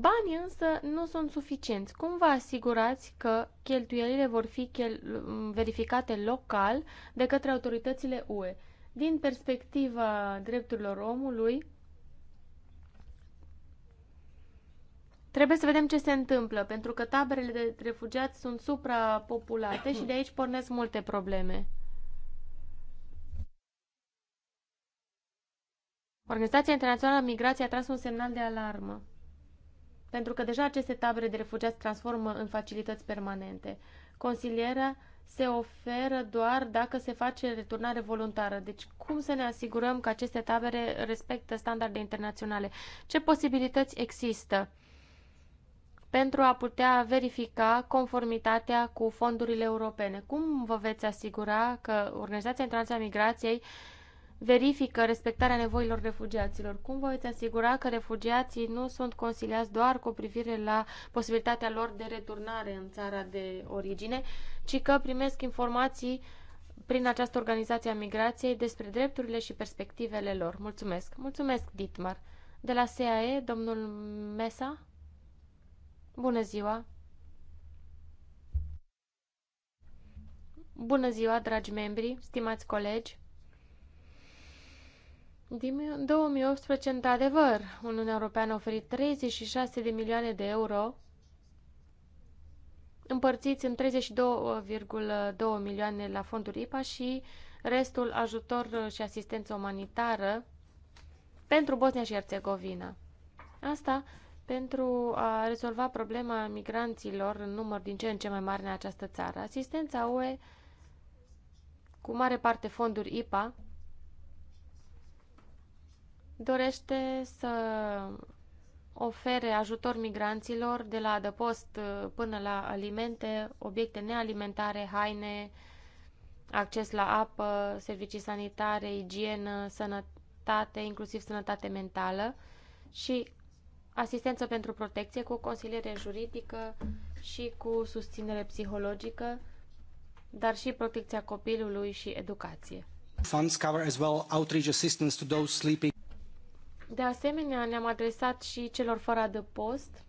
Banii însă nu sunt suficienți. Cum vă asigurați că cheltuielile vor fi chel- verificate local de către autoritățile UE? Din perspectiva drepturilor omului, Trebuie să vedem ce se întâmplă, pentru că taberele de refugiați sunt suprapopulate și de aici pornesc multe probleme. Organizația Internațională a Migrației a tras un semnal de alarmă pentru că deja aceste tabere de refugiați se transformă în facilități permanente. Consilierea se oferă doar dacă se face returnare voluntară. Deci cum să ne asigurăm că aceste tabere respectă standarde internaționale? Ce posibilități există pentru a putea verifica conformitatea cu fondurile europene? Cum vă veți asigura că Organizația Internațională a Migrației uh, verifică respectarea nevoilor refugiaților? Cum vă veți asigura că refugiații nu sunt consiliați doar cu privire la posibilitatea lor de returnare în țara de origine, ci că primesc informații prin această organizație a migrației despre drepturile și perspectivele lor? Mulțumesc! Mulțumesc, Ditmar! De la SAE, domnul Mesa? Bună ziua! Bună ziua, dragi membri, stimați colegi! Din 2018, într-adevăr, Uniunea Europeană a oferit 36 de milioane de euro împărțiți în 32,2 milioane la fonduri IPA și restul ajutor și asistență umanitară pentru Bosnia și Herțegovina. Asta pentru a rezolva problema migranților în număr din ce în ce mai mare în această țară. Asistența UE, cu mare parte fonduri IPA, dorește să ofere ajutor migranților de la adăpost uh, până la alimente, obiecte nealimentare, haine, acces la apă, servicii sanitare, igienă, sănătate, inclusiv sănătate mentală și asistență pentru protecție cu consiliere juridică și cu susținere psihologică, dar și protecția copilului și educație. Funds cover as well outreach assistance to those sleeping de asemenea, ne-am adresat și celor fără adăpost,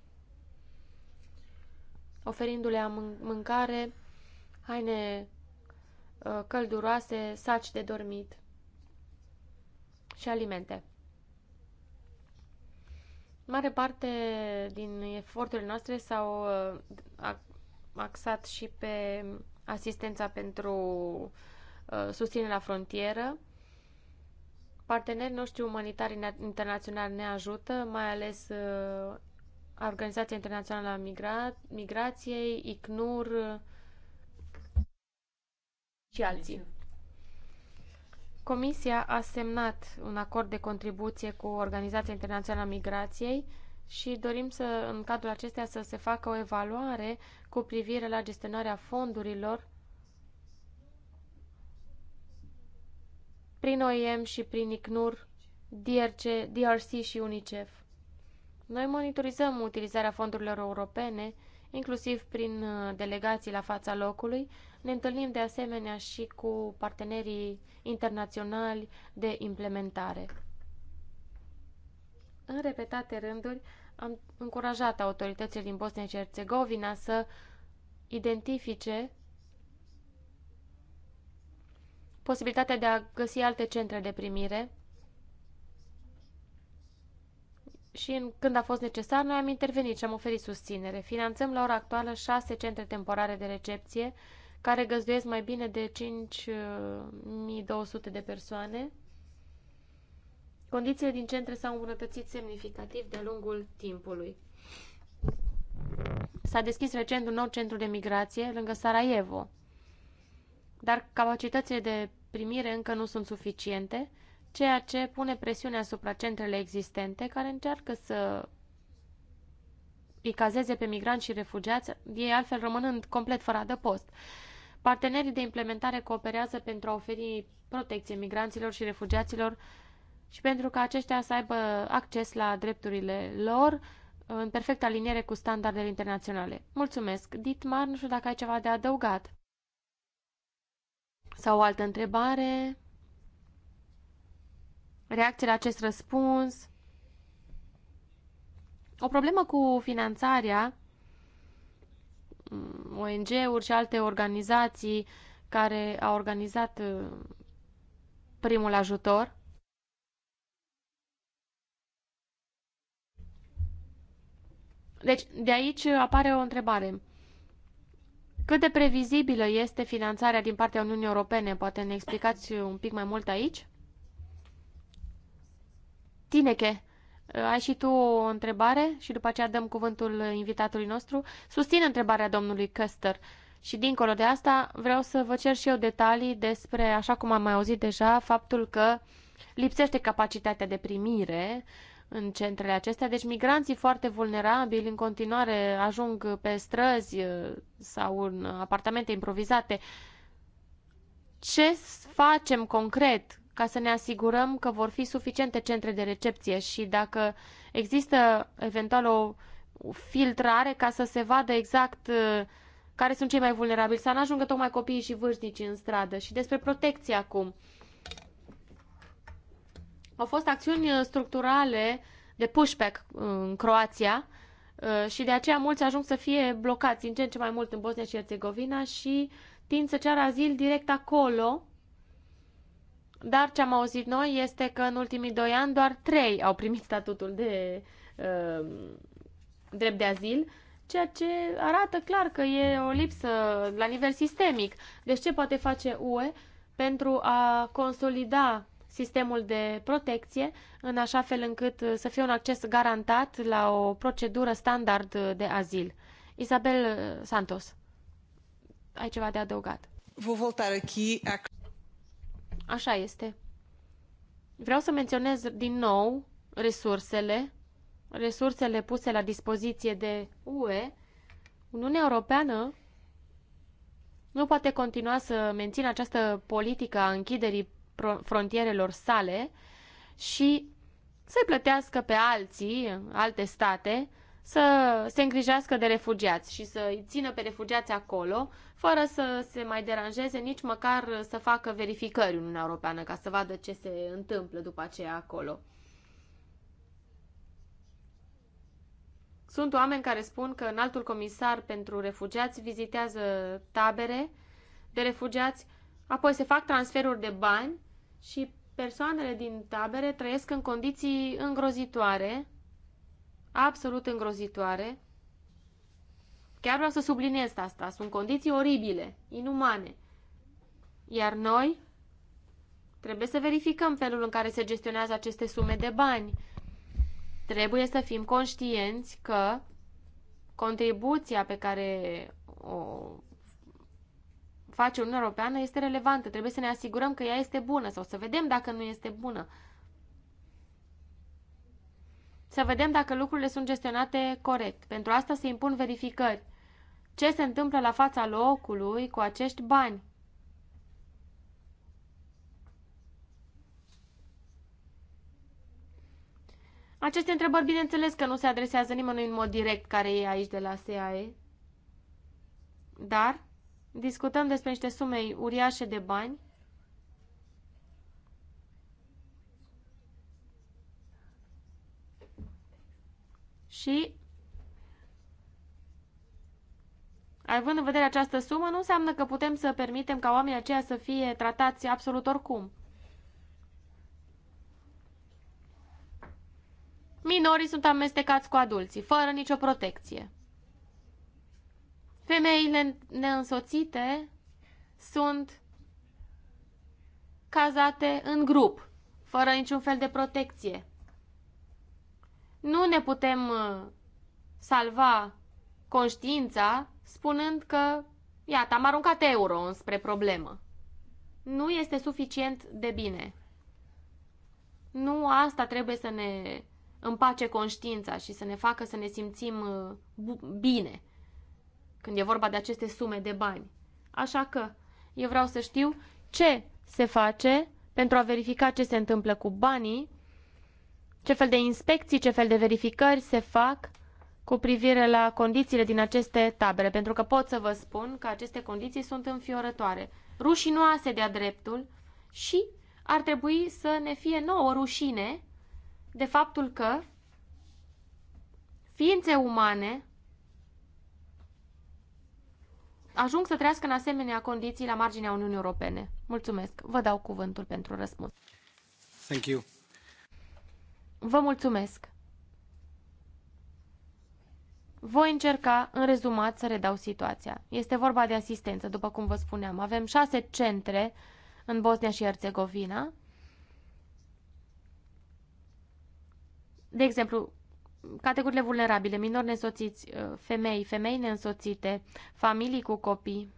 oferindu-le mâncare, haine uh, călduroase, saci de dormit și alimente. Mare parte din eforturile noastre s-au uh, axat și pe asistența pentru uh, susținerea frontieră, Partenerii noștri umanitari internaționali ne ajută, mai ales uh, Organizația Internațională a Migra Migrației, ICNUR uh, și alții. Comisia a semnat un acord de contribuție cu Organizația Internațională a Migrației și dorim să, în cadrul acesteia să se facă o evaluare cu privire la gestionarea fondurilor prin OIM și prin ICNUR, DRC, DRC și UNICEF. Noi monitorizăm utilizarea fondurilor europene, inclusiv prin uh, delegații la fața locului. Ne întâlnim de asemenea și cu partenerii internaționali de implementare. În repetate rânduri, am încurajat autoritățile din Bosnia și Herțegovina să identifice posibilitatea de a găsi alte centre de primire și în, când a fost necesar, noi am intervenit și am oferit susținere. Finanțăm la ora actuală șase centre temporare de recepție care găzduiesc mai bine de 5200 de persoane. Condițiile din centre s-au îmbunătățit semnificativ de-a lungul timpului. S-a deschis recent un nou centru de migrație lângă Sarajevo, dar capacitățile de primire încă nu sunt suficiente, ceea ce pune presiune asupra centrele existente care încearcă să îi cazeze pe migranți și refugiați, ei altfel rămânând complet fără adăpost. Partenerii de implementare cooperează pentru a oferi protecție migranților și refugiaților și pentru ca aceștia să aibă acces la drepturile lor în perfectă aliniere cu standardele internaționale. Mulțumesc! Dietmar, nu știu dacă ai ceva de adăugat. Sau o altă întrebare? Reacție la acest răspuns? O problemă cu finanțarea mm, ONG-uri și alte organizații care au organizat uh, primul ajutor. Deci, de aici apare o întrebare. Cât de previzibilă este finanțarea din partea Uniunii Europene? Poate ne explicați un pic mai mult aici? Tineche, ai și tu o întrebare și după aceea dăm cuvântul invitatului nostru. Susțin întrebarea domnului Căster. Și dincolo de asta, vreau să vă cer și eu detalii despre, așa cum am mai auzit deja, faptul că lipsește capacitatea de primire uh, în centrele acestea. Deci migranții foarte vulnerabili în continuare ajung pe străzi uh, sau în apartamente improvizate. Ce facem concret ca să ne asigurăm că vor fi suficiente centre de recepție și dacă există eventual o filtrare ca să se vadă exact uh, care sunt cei mai vulnerabili, să nu ajungă tocmai copiii și vârstnicii în stradă și despre protecție acum. Au fost acțiuni uh, structurale de pushback uh, în Croația uh, și de aceea mulți ajung să fie blocați în ce în ce mai mult în Bosnia și Herțegovina și tind să ceară azil direct acolo. Dar ce am auzit noi este că în ultimii doi ani doar trei au primit statutul de uh, drept de azil, ceea ce arată clar că e o lipsă la nivel sistemic. Deci ce poate face UE pentru a consolida sistemul de protecție, în așa fel încât uh, să fie un acces garantat la o procedură standard uh, de azil. Isabel uh, Santos, ai ceva de adăugat? Vă voltar aici. Așa este. Vreau să menționez din nou resursele, resursele puse la dispoziție de UE. Uniunea Europeană nu poate continua să mențină această politică a închiderii frontierelor sale și să-i plătească pe alții, alte state, să se îngrijească de refugiați și să-i țină pe refugiați acolo, fără să se mai deranjeze, nici măcar să facă verificări în Uniunea Europeană, ca să vadă ce se întâmplă după aceea acolo. Sunt oameni care spun că înaltul comisar pentru refugiați vizitează tabere de refugiați, apoi se fac transferuri de bani și persoanele din tabere trăiesc în condiții îngrozitoare, absolut îngrozitoare. Chiar vreau să subliniez asta, sunt condiții oribile, inumane. Iar noi trebuie să verificăm felul în care se gestionează aceste sume de bani. Trebuie să fim conștienți că contribuția pe care o face Uniunea Europeană este relevantă. Trebuie să ne asigurăm că ea este bună sau să vedem dacă nu este bună. Să vedem dacă lucrurile sunt gestionate corect. Pentru asta se impun verificări. Ce se întâmplă la fața locului cu acești bani? Aceste întrebări, bineînțeles că nu se adresează nimănui în mod direct care e aici de la SAE, dar Discutăm despre niște sume uriașe de bani. Și având în vedere această sumă, nu înseamnă că putem să permitem ca oamenii aceia să fie tratați absolut oricum. Minorii sunt amestecați cu adulții, fără nicio protecție. Femeile neînsoțite sunt cazate în grup, fără niciun fel de protecție. Nu ne putem uh, salva conștiința spunând că, iată, am aruncat euro înspre problemă. Nu este suficient de bine. Nu asta trebuie să ne împace conștiința și să ne facă să ne simțim uh, bine când e vorba de aceste sume de bani. Așa că eu vreau să știu ce se face pentru a verifica ce se întâmplă cu banii, ce fel de inspecții, ce fel de verificări se fac cu privire la condițiile din aceste tabere, pentru că pot să vă spun că aceste condiții sunt înfiorătoare, rușinoase de-a dreptul și ar trebui să ne fie nouă rușine de faptul că ființe umane ajung să trăiască în asemenea condiții la marginea Uniunii Europene? Mulțumesc. Vă dau cuvântul pentru răspuns. Thank you. Vă mulțumesc. Voi încerca, în rezumat, să redau situația. Este vorba de asistență, după cum vă spuneam. Avem șase centre în Bosnia și Herțegovina. De exemplu, categoriile vulnerabile, minori nesoțiți, uh, femei, femei neînsoțite, familii cu copii.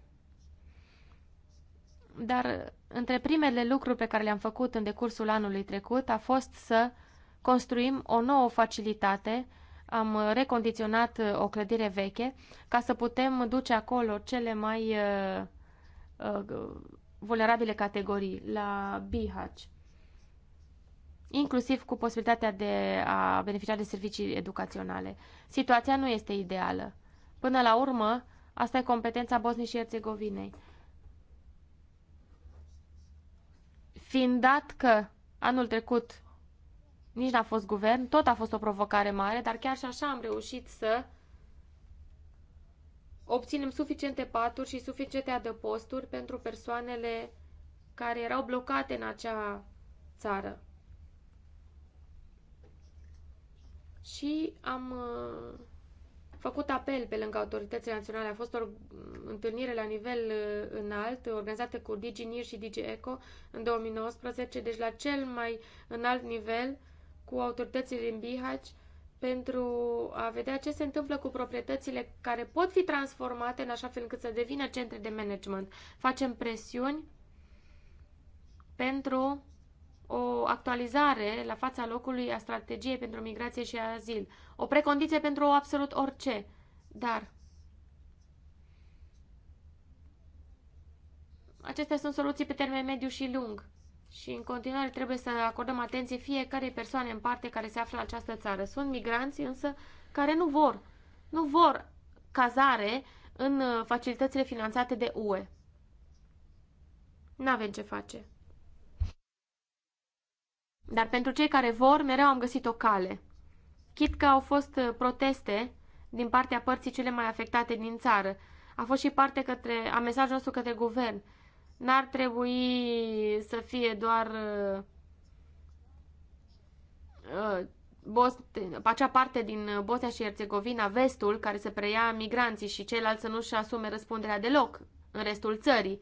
Dar uh, între primele lucruri pe care le-am făcut în decursul anului trecut a fost să construim o nouă facilitate am uh, recondiționat o clădire veche ca să putem duce acolo cele mai vulnerabile categorii, la BIHACI inclusiv cu posibilitatea de a beneficia de servicii educaționale. Situația nu este ideală. Până la urmă, asta e competența Bosniei și Herțegovinei. Fiind dat că anul trecut nici n-a fost guvern, tot a fost o provocare mare, dar chiar și așa am reușit să obținem suficiente paturi și suficiente adăposturi pentru persoanele care erau blocate în acea țară. și am uh, făcut apel pe lângă autoritățile naționale. A fost o întâlnire la nivel uh, înalt, organizată cu DigiNIR și DigiEco în 2019, deci la cel mai înalt nivel cu autoritățile din Bihaci pentru a vedea ce se întâmplă cu proprietățile care pot fi transformate în așa fel încât să devină centre de management. Facem presiuni pentru o actualizare la fața locului a strategiei pentru migrație și azil. O precondiție pentru absolut orice. Dar acestea sunt soluții pe termen mediu și lung. Și în continuare trebuie să acordăm atenție fiecare persoane în parte care se află în această țară. Sunt migranți însă care nu vor, nu vor cazare în uh, facilitățile finanțate de UE. N-avem ce face. Dar pentru cei care vor, mereu am găsit o cale. Chit că au fost uh, proteste din partea părții cele mai afectate din țară, a fost și parte către, a mesajul nostru către guvern. N-ar trebui să fie doar uh, uh Bos acea parte din uh, Bosnia și Herțegovina, vestul, care se preia migranții și ceilalți să nu-și asume răspunderea deloc în restul țării.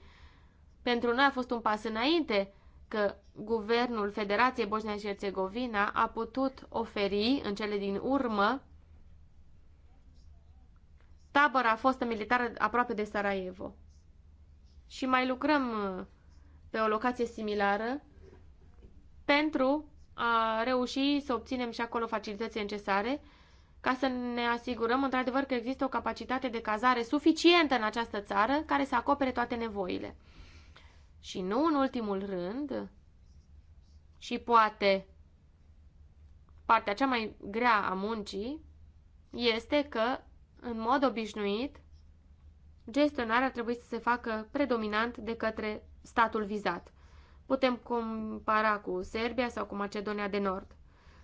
Pentru noi a fost un pas înainte, că guvernul Federației Bosnia și Herțegovina a putut oferi în cele din urmă tabăra fostă militară aproape de Sarajevo. Și mai lucrăm uh, pe o locație similară pentru a reuși să obținem și acolo facilitățile necesare ca să ne asigurăm într-adevăr că există o capacitate de cazare suficientă în această țară care să acopere toate nevoile. Și nu în ultimul rând, și poate partea cea mai grea a muncii, este că, în mod obișnuit, gestionarea ar trebui să se facă predominant de către statul vizat. Putem compara cu Serbia sau cu Macedonia de Nord.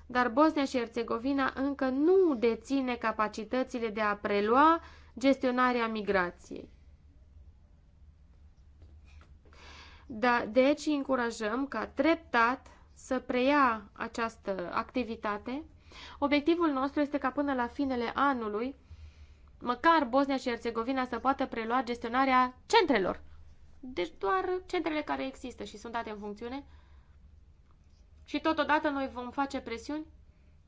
Dar Bosnia și Herțegovina încă nu deține capacitățile de a prelua gestionarea migrației. Da, deci încurajăm ca treptat să preia această activitate. Obiectivul nostru este ca până la finele anului, măcar Bosnia și Herțegovina să poată prelua gestionarea centrelor. Deci doar centrele care există și sunt date în funcțiune. Și totodată noi vom face presiuni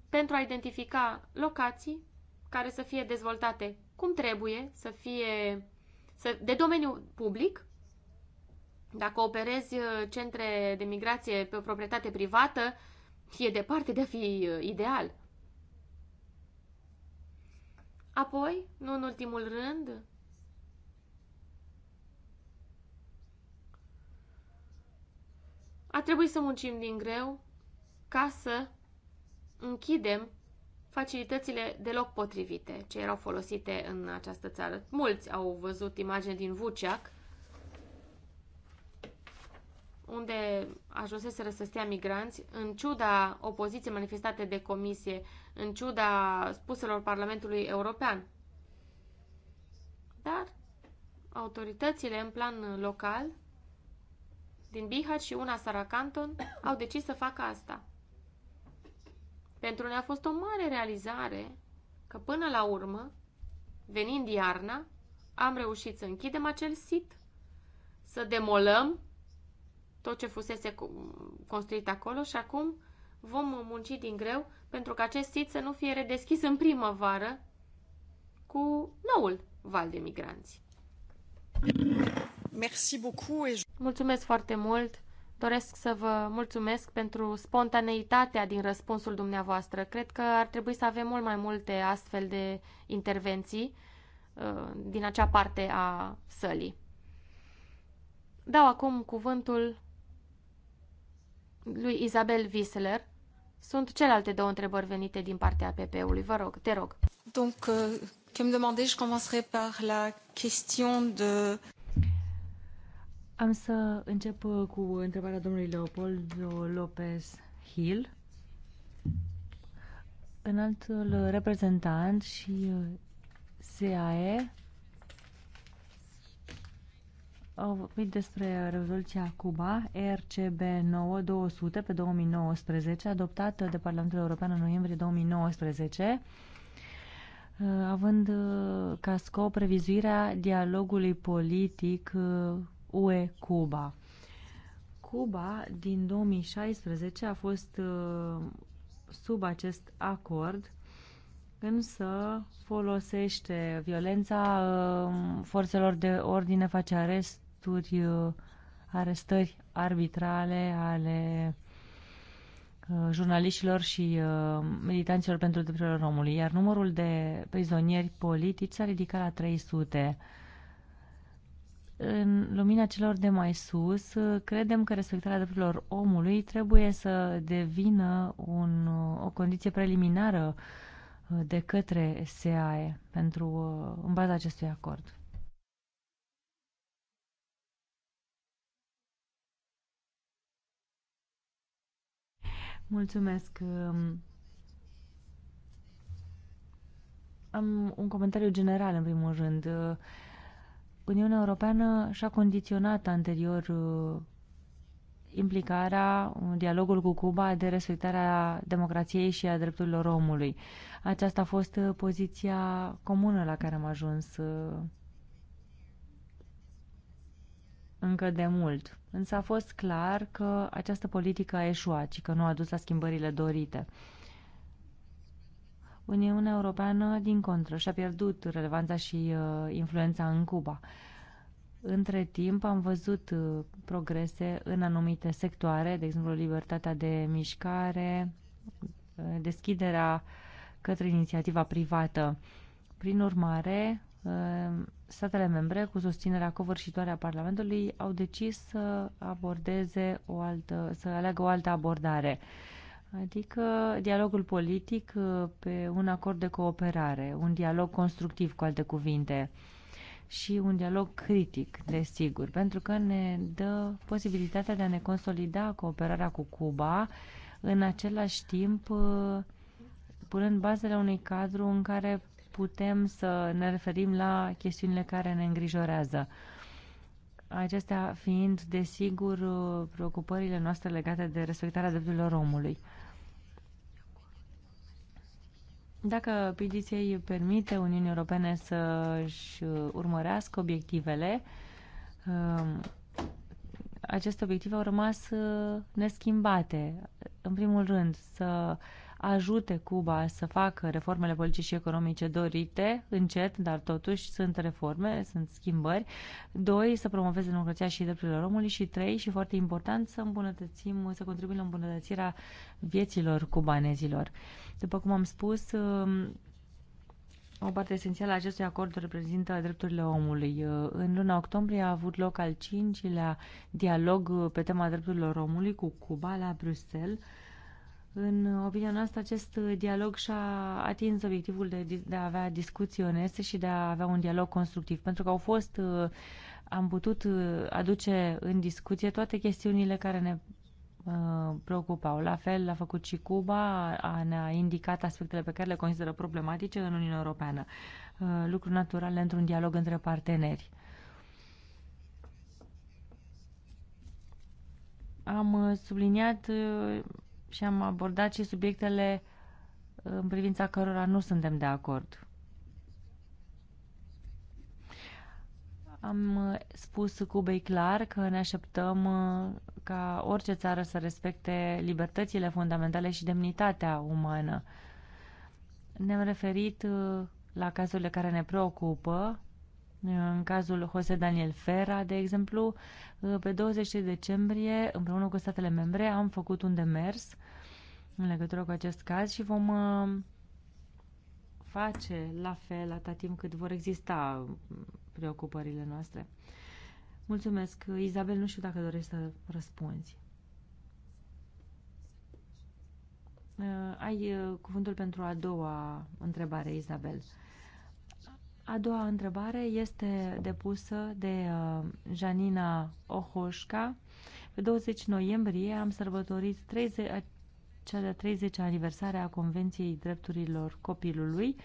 pentru a identifica locații care să fie dezvoltate cum trebuie, să fie să, de domeniu public dacă operezi uh, centre de migrație pe o proprietate privată, e departe de a fi uh, ideal. Apoi, nu în ultimul rând, a trebuit să muncim din greu ca să închidem facilitățile deloc potrivite ce erau folosite în această țară. Mulți au văzut imagine din Vuceac, unde ajunseseră să stea migranți, în ciuda opoziției manifestate de comisie, în ciuda spuselor Parlamentului European. Dar autoritățile în plan local din Bihar și una Saracanton au decis să facă asta. Pentru noi a fost o mare realizare că până la urmă, venind iarna, am reușit să închidem acel sit, să demolăm tot ce fusese construit acolo și acum vom munci din greu pentru că acest sit să nu fie redeschis în primăvară cu noul val de migranți. Merci beaucoup et... Mulțumesc foarte mult! Doresc să vă mulțumesc pentru spontaneitatea din răspunsul dumneavoastră. Cred că ar trebui să avem mult mai multe astfel de intervenții uh, din acea parte a sălii. Dau acum cuvântul lui Isabel Wiesler? sunt celelalte două întrebări venite din partea PP-ului. Vă rog, te rog. Donc, tu euh, me demandez, je commencerai par la question de... Am să încep uh, cu întrebarea domnului Leopold Lopez Hill, înaltul reprezentant și uh, SAE au vorbit despre rezoluția Cuba RCB 9200 pe 2019, adoptată de Parlamentul European în noiembrie 2019, uh, având uh, ca scop revizuirea dialogului politic uh, UE-Cuba. Cuba din 2016 a fost sub acest acord însă folosește violența forțelor de ordine, face arest arresturi, uh, arestări arbitrale ale uh, jurnaliștilor și uh, militanților pentru drepturile omului, iar numărul de prizonieri politici s-a ridicat la 300. În lumina celor de mai sus, credem că respectarea drepturilor omului trebuie să devină un, o condiție preliminară de către SEAE pentru, în baza acestui acord. Mulțumesc. Um, am un comentariu general, în primul rând. Uh, Uniunea Europeană și-a condiționat anterior uh, implicarea, dialogul cu Cuba de respectarea democrației și a drepturilor omului. Aceasta a fost uh, poziția comună la care am ajuns încă de mult, însă a fost clar că această politică a eșuat și că nu a dus la schimbările dorite. Uniunea Europeană, din contră, și-a pierdut relevanța și uh, influența în Cuba. Între timp am văzut uh, progrese în anumite sectoare, de exemplu libertatea de mișcare, uh, deschiderea către inițiativa privată. Prin urmare, uh, statele membre, cu susținerea covârșitoare a Parlamentului, au decis să abordeze o altă, să aleagă o altă abordare. Adică dialogul politic uh, pe un acord de cooperare, un dialog constructiv, cu alte cuvinte, și un dialog critic, desigur, pentru că ne dă posibilitatea de a ne consolida cooperarea cu Cuba, în același timp uh, punând bazele unui cadru în care putem să ne referim la chestiunile care ne îngrijorează. Acestea fiind, desigur, preocupările noastre legate de respectarea drepturilor omului. Dacă PDC îi permite Uniunii Europene să-și urmărească obiectivele, um, aceste obiective au rămas uh, neschimbate. În primul rând, să ajute Cuba să facă reformele politice și economice dorite, încet, dar totuși sunt reforme, sunt schimbări. Doi, să promoveze democrația și drepturile omului și trei, și foarte important, să îmbunătățim, să contribuim la îmbunătățirea vieților cubanezilor. După cum am spus, um, o parte esențială a acestui acord reprezintă drepturile omului. Uh, în luna octombrie a avut loc al cincilea dialog uh, pe tema drepturilor omului cu Cuba la Bruxelles în opinia noastră, acest dialog și-a atins obiectivul de, de a avea discuții oneste și de a avea un dialog constructiv, pentru că au fost, uh, am putut uh, aduce în discuție toate chestiunile care ne uh, preocupau. La fel l-a făcut și Cuba, a, ne-a indicat aspectele pe care le consideră problematice în Uniunea Europeană. Lucruri naturale într-un dialog între parteneri. Am subliniat și am abordat și subiectele uh, în privința cărora nu suntem de acord. Am uh, spus Cubei clar că ne așteptăm uh, ca orice țară să respecte libertățile fundamentale și demnitatea umană. Ne-am referit la cazurile care ne preocupă în cazul Jose Daniel Ferra, de exemplu, pe 20 decembrie, împreună cu statele membre, am făcut un demers în legătură cu acest caz și vom uh, face la fel atât timp cât vor exista preocupările noastre. Mulțumesc. Izabel, nu știu dacă dorești să răspunzi. Uh, ai uh, cuvântul pentru a doua întrebare, Izabel. A doua întrebare este depusă de uh, Janina Ohoșca. Pe 20 noiembrie am sărbătorit 30, cea de-a 30 aniversare a Convenției Drepturilor Copilului.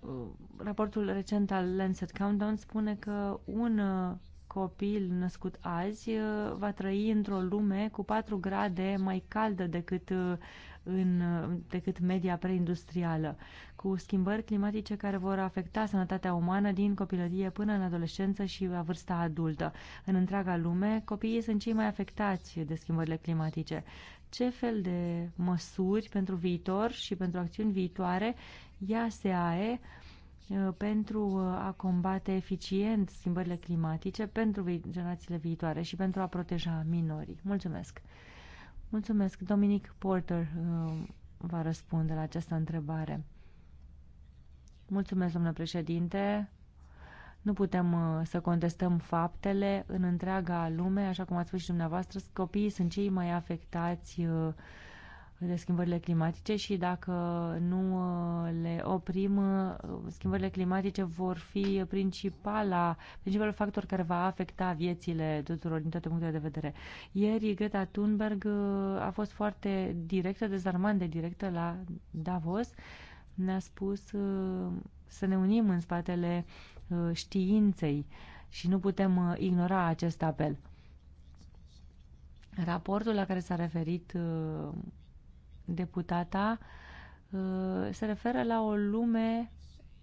Uh, raportul recent al Lancet Countdown spune că un uh, copil născut azi va trăi într-o lume cu 4 grade mai caldă decât, în, decât media preindustrială cu schimbări climatice care vor afecta sănătatea umană din copilărie până în adolescență și la vârsta adultă. În întreaga lume, copiii sunt cei mai afectați de schimbările climatice. Ce fel de măsuri pentru viitor și pentru acțiuni viitoare ia SEAE uh, pentru uh, a combate eficient schimbările climatice pentru generațiile viitoare și pentru a proteja minorii? Mulțumesc! Mulțumesc! Dominic Porter uh, va răspunde la această întrebare. Mulțumesc, domnule președinte. Nu putem uh, să contestăm faptele în întreaga lume, așa cum ați spus și dumneavoastră, copiii sunt cei mai afectați uh, de schimbările climatice și dacă nu uh, le oprim, schimbările climatice vor fi principala, principalul factor care va afecta viețile tuturor din toate punctele de vedere. Ieri Greta Thunberg a fost foarte directă, dezarmant de directă la Davos ne-a spus uh, să ne unim în spatele uh, științei și nu putem uh, ignora acest apel. Raportul la care s-a referit deputata se referă la o lume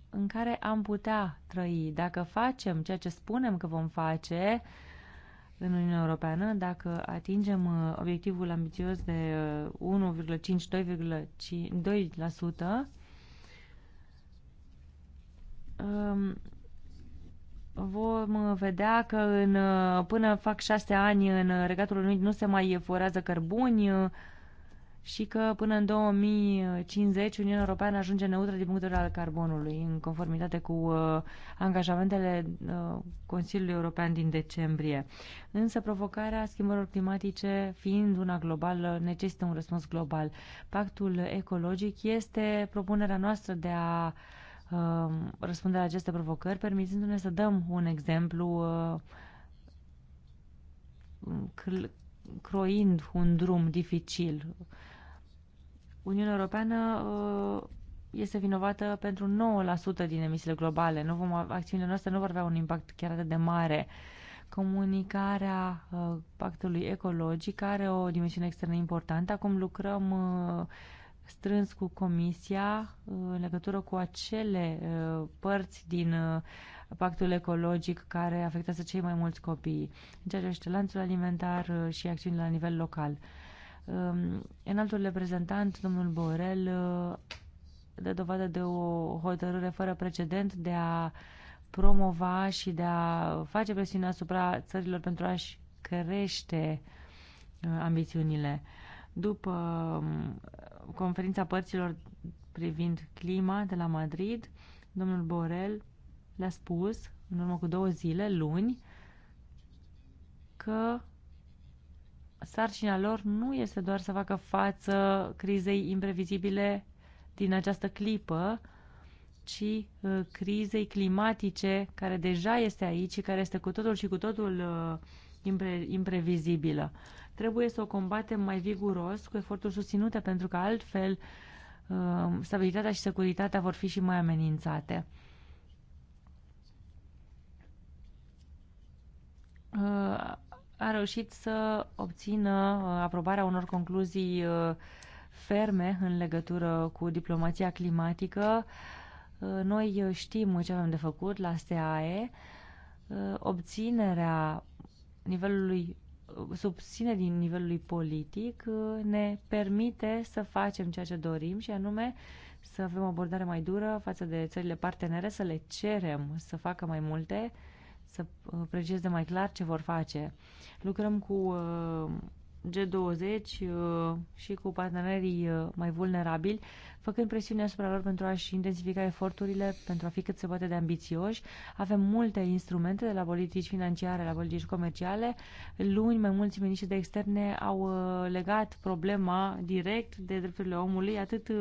în care am putea trăi. Dacă facem ceea ce spunem că vom face în Uniunea Europeană, dacă atingem obiectivul ambițios de 1,5-2,5%, vom vedea că în, până fac șase ani în Regatul Unit nu se mai forează cărbuni și că până în 2050 Uniunea Europeană ajunge neutră din punct de vedere al carbonului, în conformitate cu uh, angajamentele uh, Consiliului European din decembrie. Însă provocarea schimbărilor climatice, fiind una globală, necesită un răspuns global. Pactul ecologic este propunerea noastră de a uh, Um, răspunde la aceste provocări, permițându-ne să dăm un exemplu uh, um, croind un drum dificil. Uniunea Europeană uh, este vinovată pentru 9% din emisiile globale. Nu vom, acțiunile noastre nu vor avea un impact chiar atât de mare. Comunicarea uh, pactului ecologic are o dimensiune externă importantă. Acum lucrăm strâns cu Comisia uh, în legătură cu acele uh, părți din uh, pactul ecologic care afectează cei mai mulți copii, în ceea ce este lanțul alimentar și acțiuni la nivel local. Um, în altul reprezentant, domnul Borel, dă dovadă de o hotărâre fără precedent de a promova și de a face presiune asupra țărilor pentru a-și crește ambițiunile. Uh, după um, conferința părților privind clima de la Madrid, domnul Borel le-a spus, în urmă cu două zile, luni, că sarcina lor nu este doar să facă față crizei imprevizibile din această clipă, ci uh, crizei climatice care deja este aici și care este cu totul și cu totul uh, impre imprevizibilă. Uh, trebuie să o combatem mai viguros, cu eforturi susținute, pentru că altfel um, stabilitatea și securitatea vor fi și mai amenințate. Uh, a reușit să obțină uh, aprobarea unor concluzii uh, ferme în legătură cu diplomația climatică. Noi știm ce avem de făcut la SAE. Obținerea nivelului subține din nivelului politic uh, ne permite să facem ceea ce dorim și anume să avem o abordare mai dură față de țările partenere, să le cerem să facă mai multe, să uh, precizeze mai clar ce vor face. Lucrăm cu uh, G20 uh, și cu partenerii uh, mai vulnerabili, făcând presiune asupra lor pentru a-și intensifica eforturile, pentru a fi cât se poate de ambițioși. Avem multe instrumente, de la politici financiare la politici comerciale. Luni, mai mulți miniștri de externe au uh, legat problema direct de drepturile omului, atât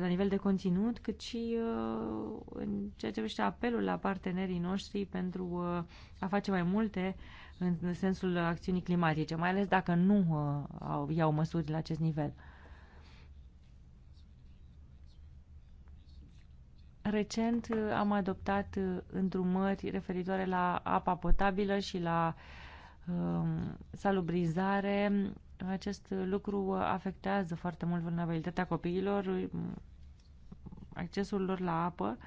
la nivel de conținut, cât și în ceea ce privește apelul la partenerii noștri pentru a face mai multe uh, în sensul acțiunii climatice, mai ales dacă nu uh, au iau măsuri la acest nivel. Recent uh, am adoptat uh, îndrumări referitoare la apa potabilă și la um, salubrizare. Acest lucru afectează foarte mult vulnerabilitatea copiilor, um, accesul lor la apă.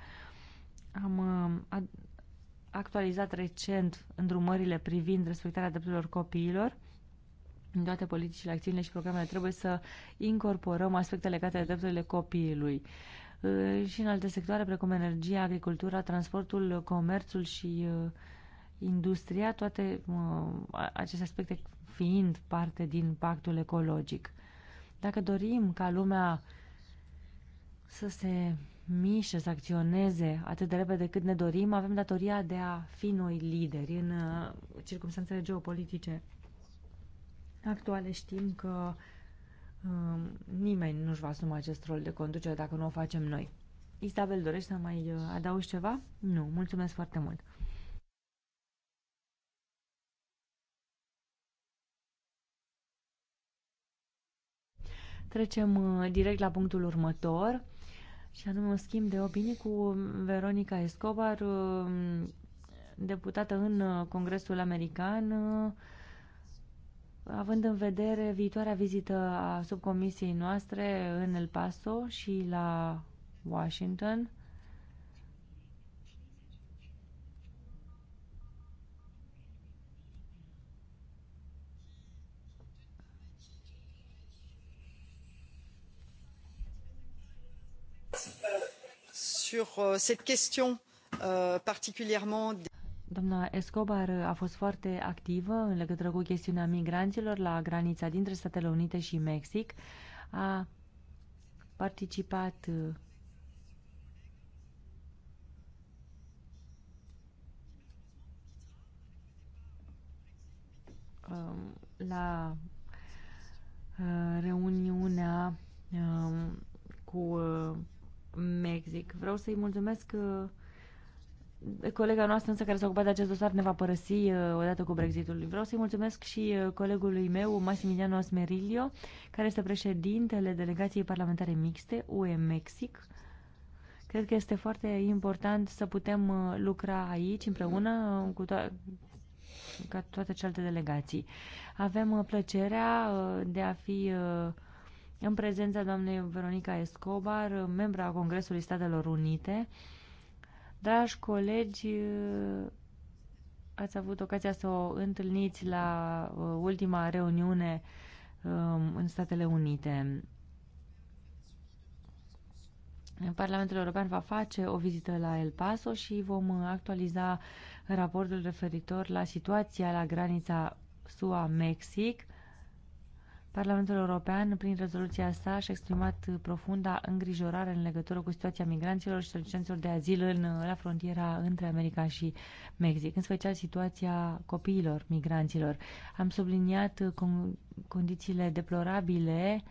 Am actualizat recent îndrumările privind respectarea drepturilor copiilor. În toate politicile, acțiunile și programele trebuie să incorporăm aspecte legate de drepturile copiilor. Uh, și în alte sectoare, precum energia, agricultura, transportul, comerțul și uh, industria, toate uh, aceste aspecte fiind parte din pactul ecologic. Dacă dorim ca lumea să se mișe să acționeze atât de repede cât ne dorim, avem datoria de a fi noi lideri în uh, circunstanțele geopolitice actuale. Știm că uh, nimeni nu-și va asuma acest rol de conducere dacă nu o facem noi. Isabel, dorești să mai uh, adaugi ceva? Nu, mulțumesc foarte mult. Trecem uh, direct la punctul următor și anume un schimb de opinii cu Veronica Escobar, uh, deputată în uh, Congresul American, uh, având în vedere viitoarea vizită a subcomisiei noastre în El Paso și la Washington, sur euh, cette question euh, particulièrement. Doamna Escobar a fost foarte activă în legătură cu chestiunea migranților la granița dintre Statele Unite și Mexic. A participat uh, um, la uh, reuniunea um, cu uh, Mexic. Vreau să-i mulțumesc uh, colega noastră însă care s-a ocupat de acest dosar ne va părăsi uh, odată cu Brexitul. Vreau să-i mulțumesc și uh, colegului meu, Massimiliano Smerilio, care este președintele Delegației Parlamentare Mixte UE-Mexic. Cred că este foarte important să putem lucra aici împreună cu to- ca toate celelalte delegații. Avem plăcerea de a fi uh, în prezența doamnei Veronica Escobar, membra a Congresului Statelor Unite. Dragi colegi, ați avut ocazia să o întâlniți la uh, ultima reuniune um, în Statele Unite. Parlamentul European va face o vizită la El Paso și vom actualiza raportul referitor la situația la granița SUA-Mexic Parlamentul European, prin rezoluția sa, și-a exprimat profunda îngrijorare în legătură cu situația migranților și solicitanților de azil în, la frontiera între America și Mexic, în special situația copiilor migranților. Am subliniat con- condițiile deplorabile uh,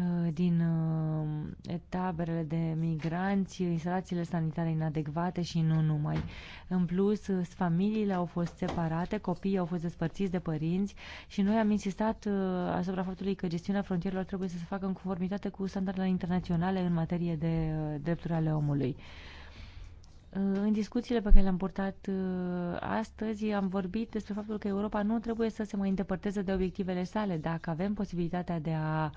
Uh, din uh, taberele de migranți, instalațiile sanitare inadecvate și nu numai. În plus, uh, familiile au fost separate, copiii au fost despărțiți de părinți și noi am insistat asupra faptului că gestiunea frontierelor trebuie să se facă în conformitate cu standardele internaționale în materie de drepturi ale omului. În discuțiile pe care le-am purtat astăzi am vorbit despre faptul că Europa nu trebuie să se mai îndepărteze de obiectivele sale. Dacă avem posibilitatea de a uh,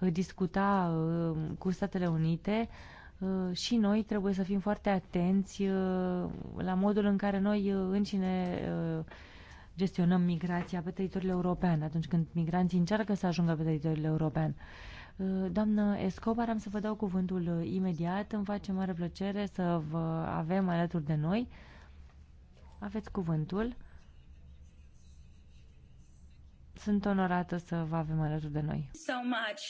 Uh, discuta uh, cu Statele Unite uh, și noi trebuie să fim foarte atenți la modul în care noi încine gestionăm migrația pe teritoriul european atunci când migranții încearcă să ajungă pe teritoriul european. Doamnă Escobar, am să vă dau cuvântul imediat. Îmi face mare plăcere să vă avem alături de noi. Aveți cuvântul. Sunt onorată să vă avem alături de noi. So much.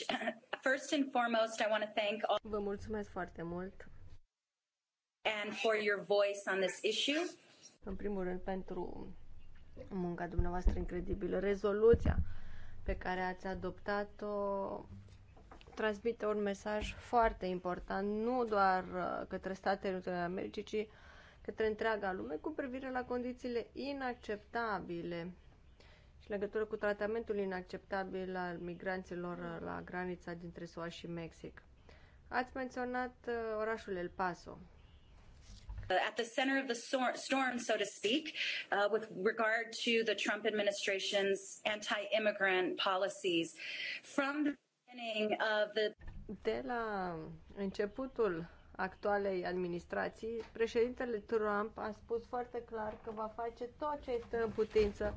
First and foremost, I want to thank all... Vă mulțumesc foarte mult. And for your voice on this issue. În primul rând pentru munca dumneavoastră incredibilă, rezoluția pe care ați adoptat-o transmite un mesaj foarte important, nu doar uh, către Statele Unite ale Americii, ci către întreaga lume cu privire la condițiile inacceptabile legătură cu tratamentul inacceptabil al migranților la granița dintre SUA și Mexic. Ați menționat uh, orașul El Paso, at the center of the storm, so to speak, uh, with regard to the Trump administration's anti immigrant policies. From the beginning of the. De la începutul actualei administrații, președintele Trump a spus foarte clar că va face tot ce este în putință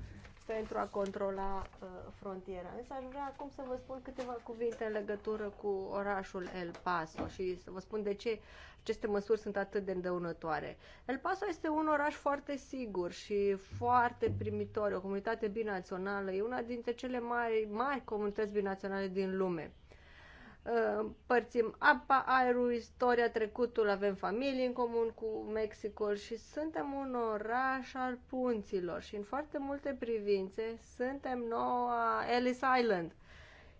pentru a controla uh, frontiera. Însă aș vrea acum să vă spun câteva cuvinte în legătură cu orașul El Paso și să vă spun de ce aceste măsuri sunt atât de îndăunătoare. El Paso este un oraș foarte sigur și foarte primitor, o comunitate binațională, e una dintre cele mai mari comunități binaționale din lume împărțim apa, aerul, istoria, trecutul, avem familii în comun cu Mexicul și suntem un oraș al punților și în foarte multe privințe suntem noua Ellis Island.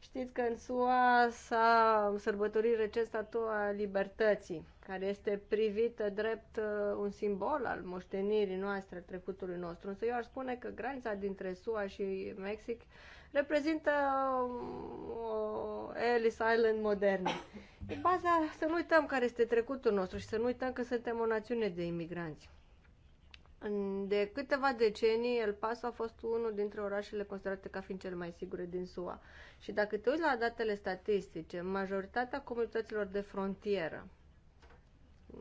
Știți că în SUA s-a sărbătorit recent statua libertății, care este privită drept uh, un simbol al moștenirii noastre, trecutului nostru. Însă eu aș spune că granița dintre SUA și Mexic reprezintă uh, Ellis Island modernă. E baza să nu uităm care este trecutul nostru și să nu uităm că suntem o națiune de imigranți. De câteva decenii, El Paso a fost unul dintre orașele considerate ca fiind cele mai sigure din SUA. Și dacă te uiți la datele statistice, majoritatea comunităților de frontieră,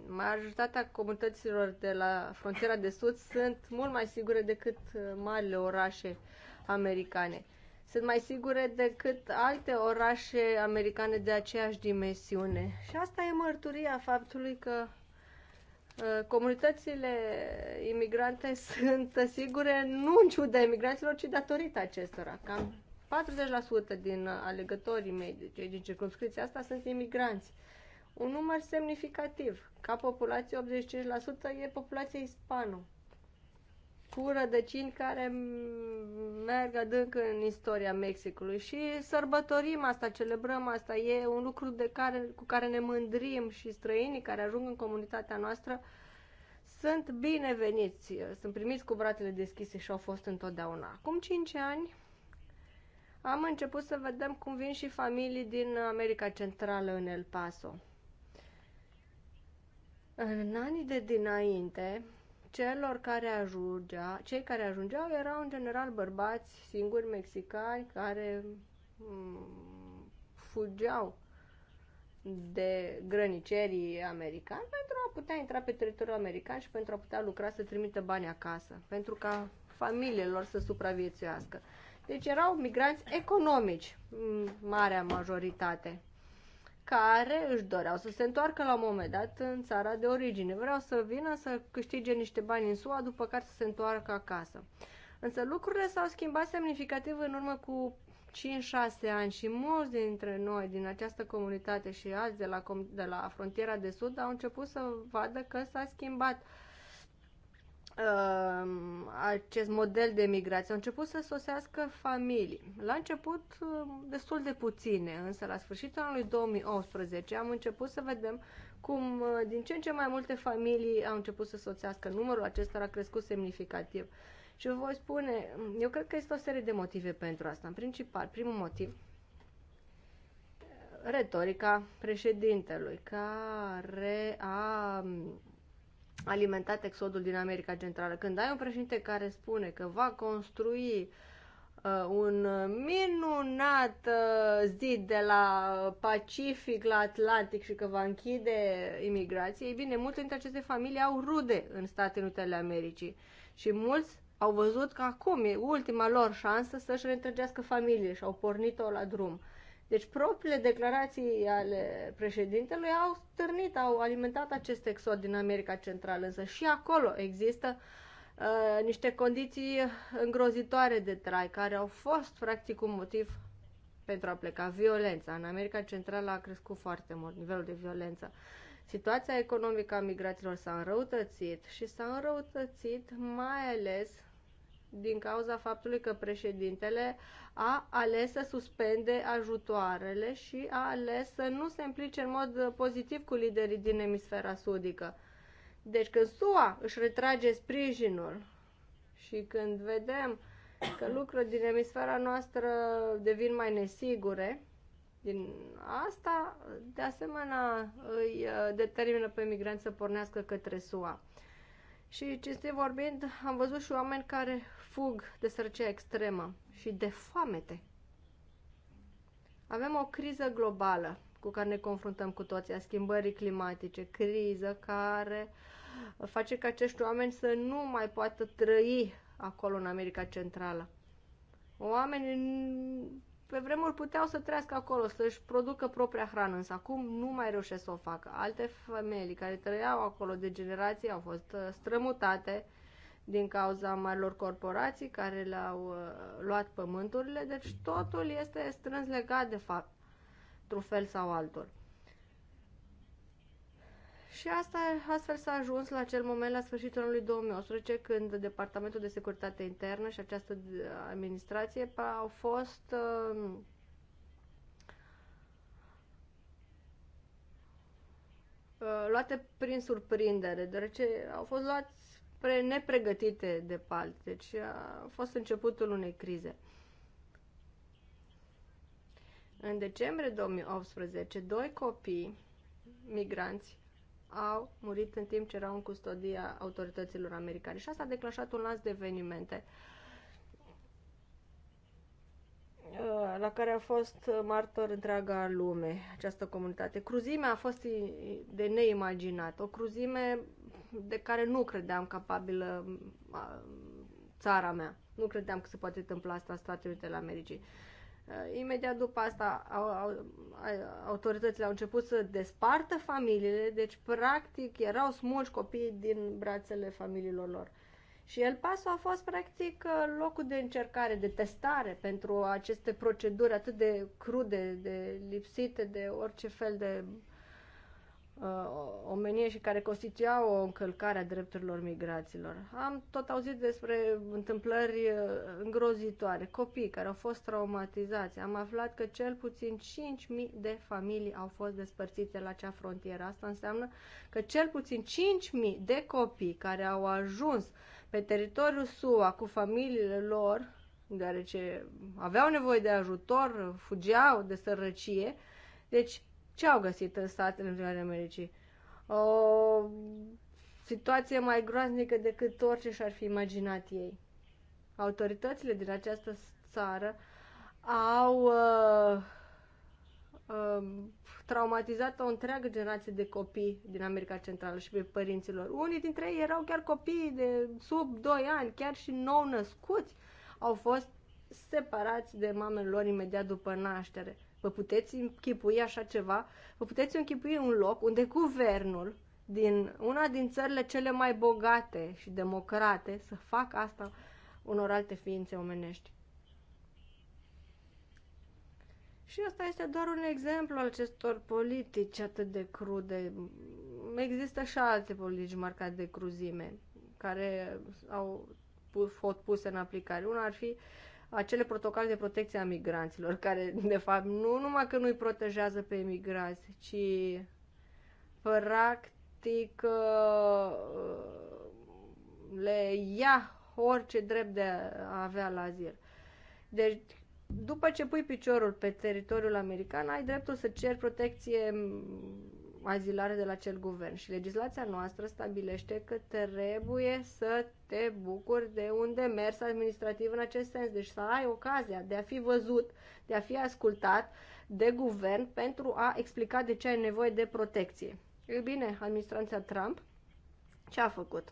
majoritatea comunităților de la frontiera de sud sunt mult mai sigure decât uh, marile orașe americane sunt mai sigure decât alte orașe americane de aceeași dimensiune. Și asta e mărturia faptului că uh, comunitățile imigrante sunt sigure nu în ciuda imigranților, ci datorită acestora. Cam 40% din alegătorii mei, cei din circunscripția asta, sunt imigranți. Un număr semnificativ. Ca populație, 85% e populația ispană cu rădăcini care merg adânc în istoria Mexicului și sărbătorim asta, celebrăm asta, e un lucru de care, cu care ne mândrim și străinii care ajung în comunitatea noastră sunt bineveniți, sunt primiți cu brațele deschise și au fost întotdeauna. Acum 5 ani am început să vedem cum vin și familii din America Centrală în El Paso. În anii de dinainte, celor care ajungea, cei care ajungeau erau în general bărbați singuri mexicani care mm, fugeau de grănicerii americani pentru a putea intra pe teritoriul american și pentru a putea lucra să trimită bani acasă, pentru ca familiilor să supraviețuiască. Deci erau migranți economici, marea majoritate care își doreau să se întoarcă la un moment dat în țara de origine. Vreau să vină să câștige niște bani în SUA, după care să se întoarcă acasă. Însă lucrurile s-au schimbat semnificativ în urmă cu 5-6 ani și mulți dintre noi din această comunitate și azi de la, de la frontiera de sud au început să vadă că s-a schimbat uh, Ehm, acest model de migrație. Au început să sosească familii. La început ehm, destul de puține, însă la sfârșitul anului 2018 am început să vedem cum eh, din ce în ce mai multe familii au început să soțească. Numărul acesta a crescut semnificativ. Și vă voi spune, eu cred că este o serie de motive pentru asta. În principal, primul motiv, retorica președintelui, care a alimentat exodul din America Centrală. Când ai un președinte care spune că va construi uh, un minunat uh, zid de la Pacific la Atlantic și că va închide imigrație, ei bine, multe dintre aceste familii au rude în Statele Unite ale Americii și mulți au văzut că acum e ultima lor șansă să-și reîntregească familie și au pornit-o la drum. Deci propriile declarații ale președintelui au stârnit, au alimentat acest exod din America Centrală, însă și acolo există uh, niște condiții îngrozitoare de trai care au fost practic un motiv pentru a pleca. Violența. În America Centrală a crescut foarte mult nivelul de violență. Situația economică a migraților s-a înrăutățit și s-a înrăutățit mai ales din cauza faptului că președintele a ales să suspende ajutoarele și a ales să nu se implice în mod pozitiv cu liderii din emisfera sudică. Deci când SUA își retrage sprijinul și când vedem că lucrurile din emisfera noastră devin mai nesigure, din asta, de asemenea, îi uh, determină pe migranți să pornească către SUA. Și cinstit vorbind, am văzut și oameni care fug de sărăcia extremă și de foamete. Avem o criză globală cu care ne confruntăm cu toții, a schimbării climatice, criză care face ca acești oameni să nu mai poată trăi acolo în America Centrală. Oamenii pe vremuri puteau să trăiască acolo, să-și producă propria hrană, însă acum nu mai reușesc să o facă. Alte femei care trăiau acolo de generații au fost uh, strămutate din cauza marilor corporații care le-au uh, luat pământurile, deci totul este strâns legat de fapt, într-un fel sau altul. Și asta, astfel s-a ajuns la acel moment, la sfârșitul anului 2018, când Departamentul de Securitate Internă și această uh, administrație au fost uh, uh, luate prin surprindere, deoarece au fost luați pre nepregătite de pal, deci a fost începutul unei crize. În decembrie 2018, doi copii migranți au murit în timp ce erau în custodia autorităților americane. Și asta a declanșat un lanț de evenimente uh, la care a fost martor întreaga lume, această comunitate. Cruzimea a fost de neimaginat, o cruzime de care nu credeam capabilă uh, țara mea. Nu credeam că se poate întâmpla asta în Statele Unite ale Americii. Eh, imediat după asta, autoritățile au început să despartă familiile, deci, practic, erau smulși copiii din brațele familiilor lor. Și El Paso a fost, practic, eh, locul de încercare, de testare pentru aceste proceduri atât de crude, de lipsite de orice fel de uh, omenie și care constituiau o încălcare a drepturilor migraților. Am tot auzit despre întâmplări uh, îngrozitoare, copii care au fost traumatizați. Am aflat că cel puțin 5.000 de familii au fost despărțite la acea frontieră. Asta înseamnă că cel puțin 5.000 de copii care au ajuns pe teritoriul SUA cu familiile lor, deoarece aveau nevoie de ajutor, fugeau de sărăcie, deci ce au găsit în Statele Unite ale Americii? O situație mai groaznică decât orice și-ar fi imaginat ei. Autoritățile din această țară au uh, uh, traumatizat o întreagă generație de copii din America Centrală și pe părinților. Unii dintre ei erau chiar copii de sub 2 ani, chiar și nou născuți au fost separați de mamele lor imediat după naștere. Vă puteți închipui așa ceva? Vă puteți închipui un loc unde guvernul din una din țările cele mai bogate și democrate să facă asta unor alte ființe omenești. Și asta este doar un exemplu al acestor politici atât de crude. Există și alte politici marcate de cruzime care au fost puse în aplicare. Una ar fi acele protocoale de protecție a migranților, care de fapt nu numai că nu-i protejează pe migranți, ci practic uh, le ia orice drept de a avea la azil. Deci, după ce pui piciorul pe teritoriul american, ai dreptul să ceri protecție azilare de la acel guvern. Și legislația noastră stabilește că trebuie să te bucuri de un demers administrativ în acest sens. Deci să ai ocazia de a fi văzut, de a fi ascultat de guvern pentru a explica de ce ai nevoie de protecție. E bine, administrația Trump ce a făcut?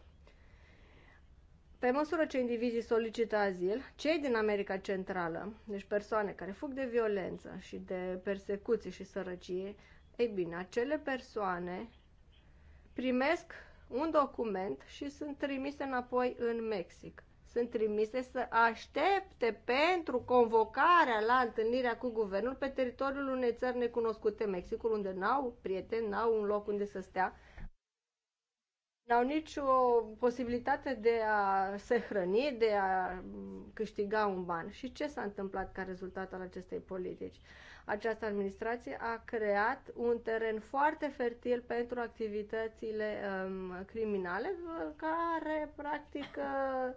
Pe măsură ce indivizii solicită azil, cei din America Centrală, deci persoane care fug de violență și de persecuție și sărăcie, ei bine, acele persoane primesc un document și sunt trimise înapoi în Mexic. Sunt trimise să aștepte pentru convocarea la întâlnirea cu guvernul pe teritoriul unei țări necunoscute, Mexicul, unde n-au prieteni, n-au un loc unde să stea, n-au nicio posibilitate de a se hrăni, de a câștiga un ban. Și ce s-a întâmplat ca rezultat al acestei politici? această administrație a creat un teren foarte fertil pentru activitățile um, criminale uh, care practic uh,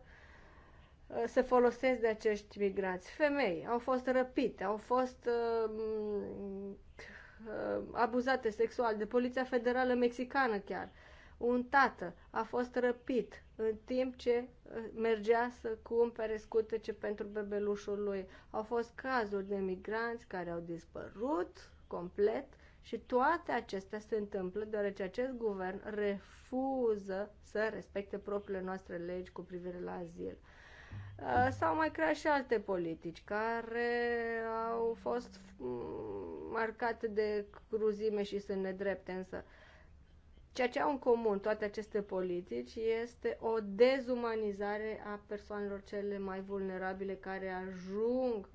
uh, se folosesc de acești migranți. Femei au fost răpite, au fost uh, uh, abuzate sexual de Poliția Federală Mexicană chiar un tată a fost răpit în timp ce uh, mergea să cumpere scutece pentru bebelușul lui. Au fost cazuri de migranți care au dispărut complet și toate acestea se întâmplă deoarece acest guvern refuză să respecte propriile noastre legi cu privire la azil. Uh, s-au mai creat și alte politici care au fost mm, marcate de cruzime și sunt nedrepte, însă uh, Ceea ce au în comun toate aceste politici este o dezumanizare a persoanelor cele mai vulnerabile care ajung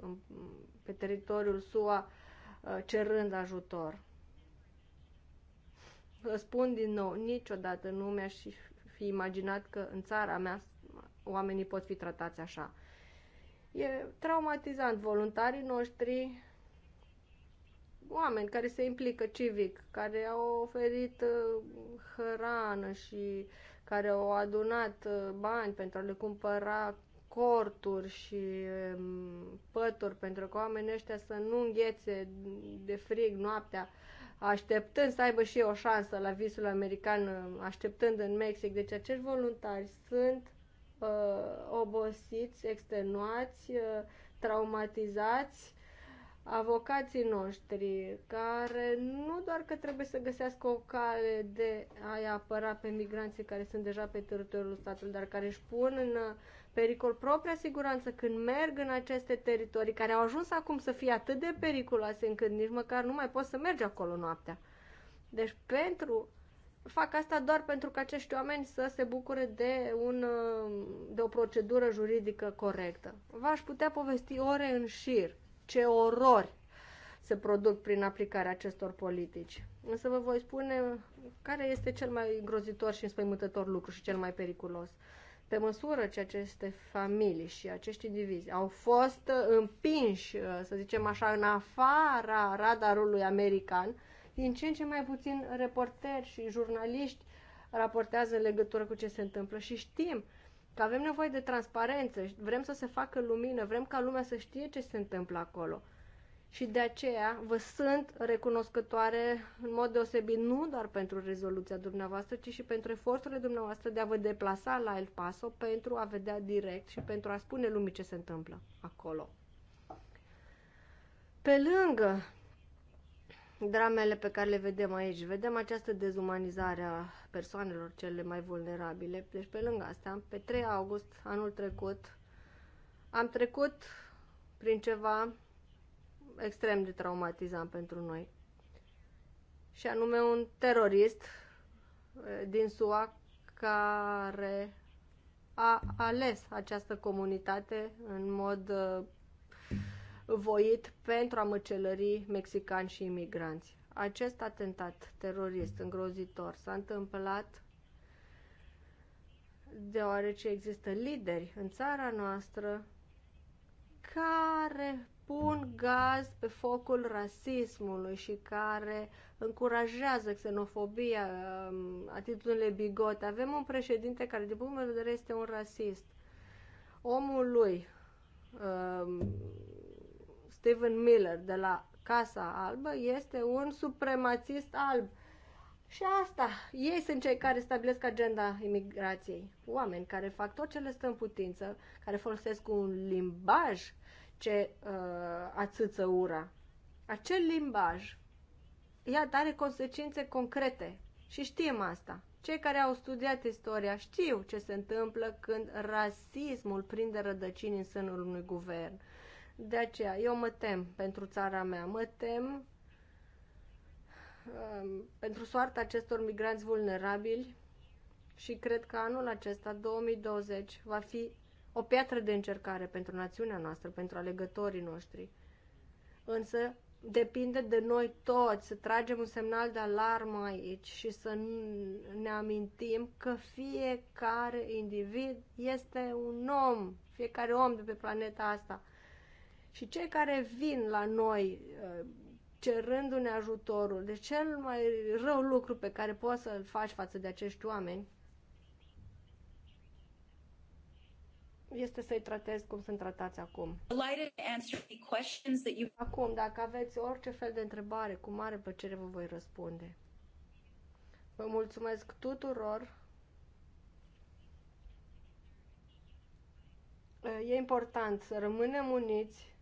pe teritoriul SUA uh, cerând ajutor. Vă spun din nou, niciodată nu mi-aș fi imaginat că în țara mea oamenii pot fi tratați așa. E traumatizant. Voluntarii noștri oameni care se implică civic, care au oferit uh, hrană și care au adunat uh, bani pentru a le cumpăra corturi și um, pături pentru că oamenii ăștia să nu înghețe de frig noaptea, așteptând să aibă și o șansă la visul american, uh, așteptând în Mexic. Deci acești voluntari sunt uh, obosiți, extenuați, uh, traumatizați avocații noștri, care nu doar că trebuie să găsească o cale de a-i apăra pe migranții care sunt deja pe teritoriul statului, dar care își pun în uh, pericol propria siguranță când merg în aceste teritorii, care au ajuns acum să fie atât de periculoase încât nici măcar nu mai poți să mergi acolo noaptea. Deci pentru fac asta doar pentru că acești oameni să se bucure de, un, uh, de o procedură juridică corectă. V-aș putea povesti ore în șir ce orori se produc prin aplicarea acestor politici. Însă vă voi spune care este cel mai grozitor și înspăimântător lucru și cel mai periculos. Pe măsură ce aceste familii și acești indivizi au fost uh, împinși, uh, să zicem așa, în afara radarului american, din ce în ce mai puțin reporteri și jurnaliști raportează în legătură cu ce se întâmplă și știm că avem nevoie de transparență, vrem să se facă lumină, vrem ca lumea să știe ce se întâmplă acolo. Și de aceea vă sunt recunoscătoare în mod deosebit nu doar pentru rezoluția dumneavoastră, ci și pentru eforturile dumneavoastră de a vă deplasa la El Paso pentru a vedea direct și pentru a spune lumii ce se întâmplă acolo. Pe lângă dramele pe care le vedem aici. Vedem această dezumanizare a persoanelor cele mai vulnerabile. Deci pe lângă asta, pe 3 august anul trecut, am trecut prin ceva extrem de traumatizant pentru noi. Și anume un terorist eh, din SUA care a ales această comunitate în mod eh, voit pentru a măcelări mexicani și imigranți. Acest atentat terorist îngrozitor s-a întâmplat deoarece există lideri în țara noastră care pun gaz pe focul rasismului și care încurajează xenofobia, um, atitudinile bigote. Avem un președinte care, din punct de vedere, este un rasist. Omul lui, um, Steven Miller de la Casa Albă este un supremacist alb. Și asta, ei sunt cei care stabilesc agenda imigrației. Oameni care fac tot ce le stă în putință, care folosesc un limbaj ce uh, atâță ura. Acel limbaj, iată, are consecințe concrete și știm asta. Cei care au studiat istoria știu ce se întâmplă când rasismul prinde rădăcini în sânul unui guvern. Uh, de aceea, eu mă tem pentru țara mea, mă tem um, pentru soarta acestor migranți vulnerabili și cred că anul acesta, 2020, va fi o piatră de încercare pentru națiunea noastră, pentru alegătorii noștri. Însă depinde de noi toți să tragem un semnal de alarmă aici și să ne amintim că fiecare individ este un om, fiecare om de pe planeta asta. Și cei care vin la noi uh, cerându-ne ajutorul, de deci cel mai rău lucru pe care poți să-l faci față de acești oameni, este să-i tratezi cum sunt tratați acum. Acum, dacă aveți orice fel de întrebare, cu mare plăcere vă voi răspunde. Vă mulțumesc tuturor. Uh, e important să rămânem uniți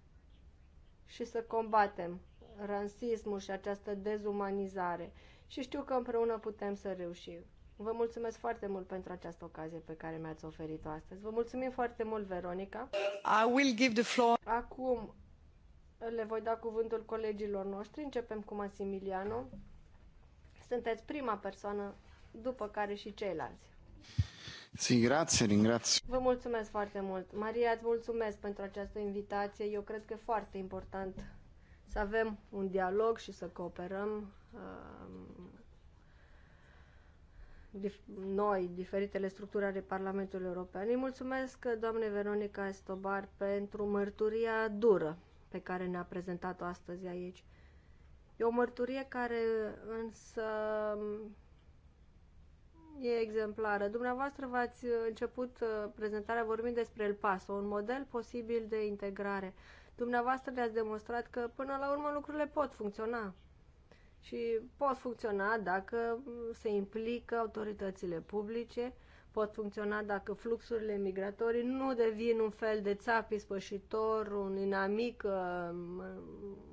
și să combatem rasismul și această dezumanizare. Și știu că împreună putem să reușim. Vă mulțumesc foarte mult pentru această ocazie pe care mi-ați oferit-o astăzi. Vă mulțumim foarte mult, Veronica. I will give the floor. Acum le voi da cuvântul colegilor noștri. Începem cu Massimiliano. Sunteți prima persoană, după care și ceilalți. Si, grazie, ringrazio. Vă mulțumesc foarte mult. Maria, îți mulțumesc pentru această invitație. Eu cred că e foarte important să avem un dialog și să cooperăm um, noi, diferitele structuri ale Parlamentului European. Îi mulțumesc, doamne Veronica Estobar, pentru mărturia dură pe care ne-a prezentat-o astăzi aici. E o mărturie care însă e exemplară. Dumneavoastră v-ați uh, început uh, prezentarea vorbind despre El Paso, un model posibil de integrare. Dumneavoastră ne-ați demonstrat că până la urmă lucrurile pot funcționa. Și pot funcționa dacă mm, se implică autoritățile publice, pot funcționa dacă fluxurile migratorii nu devin un fel de țap ispășitor, un inamic uh,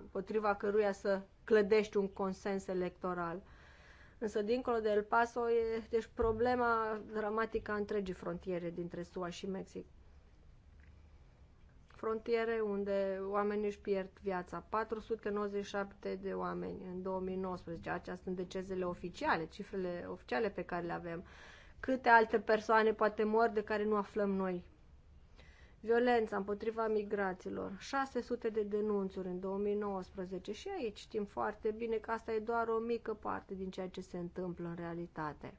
împotriva căruia să clădești un consens electoral. Însă, dincolo de El Paso, e deci, problema dramatică a întregii frontiere dintre SUA și Mexic. Frontiere unde oamenii își pierd viața. 497 de oameni în 2019. Acestea sunt decezele oficiale, cifrele oficiale pe care le avem. Câte alte persoane poate mor de care nu aflăm noi violența împotriva migraților, 600 de denunțuri în 2019 și aici știm foarte bine că asta e doar o mică parte din ceea ce se întâmplă în realitate.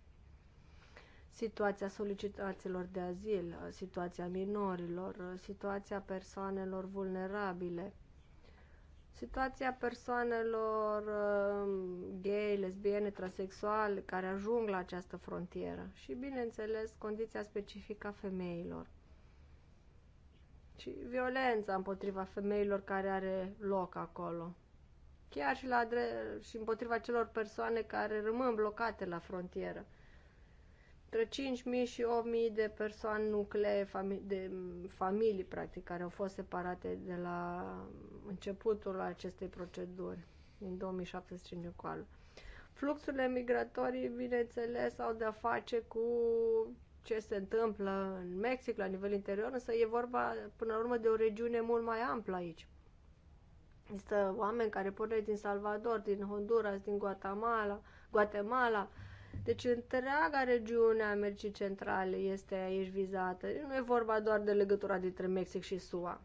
Situația solicitaților de azil, situația minorilor, situația persoanelor vulnerabile, situația persoanelor um, gay, lesbiene, transexuale care ajung la această frontieră și, bineînțeles, condiția specifică a femeilor ci violența împotriva femeilor care are loc acolo. Chiar și, la adre- și împotriva celor persoane care rămân blocate la frontieră. Între 5.000 și 8.000 de persoane nuclee, fami- de familii, practic, care au fost separate de la începutul acestei proceduri, din 2017 încoală. Fluxurile migratorii, bineînțeles, au de-a face cu ce se întâmplă în Mexic la nivel interior, însă e vorba până la urmă de o regiune mult mai amplă aici. Există oameni care pornesc din Salvador, din Honduras, din Guatemala, Guatemala. Deci întreaga regiune a Americii Centrale este aici vizată. Nu e vorba doar de legătura dintre Mexic și SUA.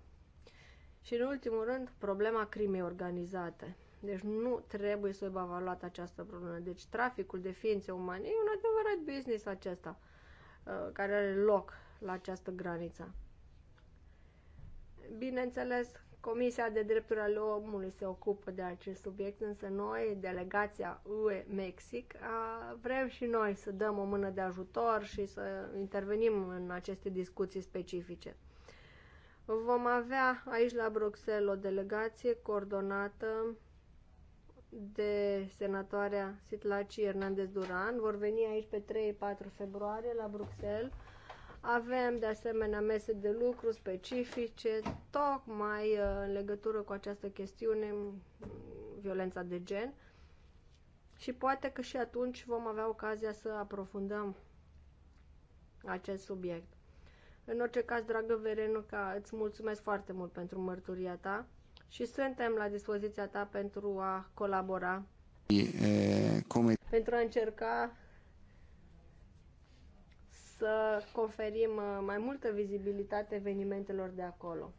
Și în ultimul rând, problema crimei organizate. Deci nu trebuie să aibă avaluată această problemă. Deci traficul de ființe umane e un adevărat business acesta. Uh, care are loc la această graniță. Bineînțeles, Comisia de Drepturi ale Omului se ocupă de acest subiect, însă noi, delegația UE Mexic, vrem și noi să dăm o mână de ajutor și să intervenim în aceste discuții specifice. Vom avea aici la Bruxelles o delegație coordonată de senatoarea Sitlaci Hernandez Duran. Vor veni aici pe 3-4 februarie la Bruxelles. Avem de asemenea mese de lucru specifice tocmai uh, în legătură cu această chestiune, violența de gen. Și poate că și atunci vom avea ocazia să aprofundăm acest subiect. În orice caz, dragă Verenuca, îți mulțumesc foarte mult pentru mărturia ta și suntem la dispoziția ta pentru a colabora. E, cum e... Pentru a încerca să conferim uh, mai multă vizibilitate evenimentelor de acolo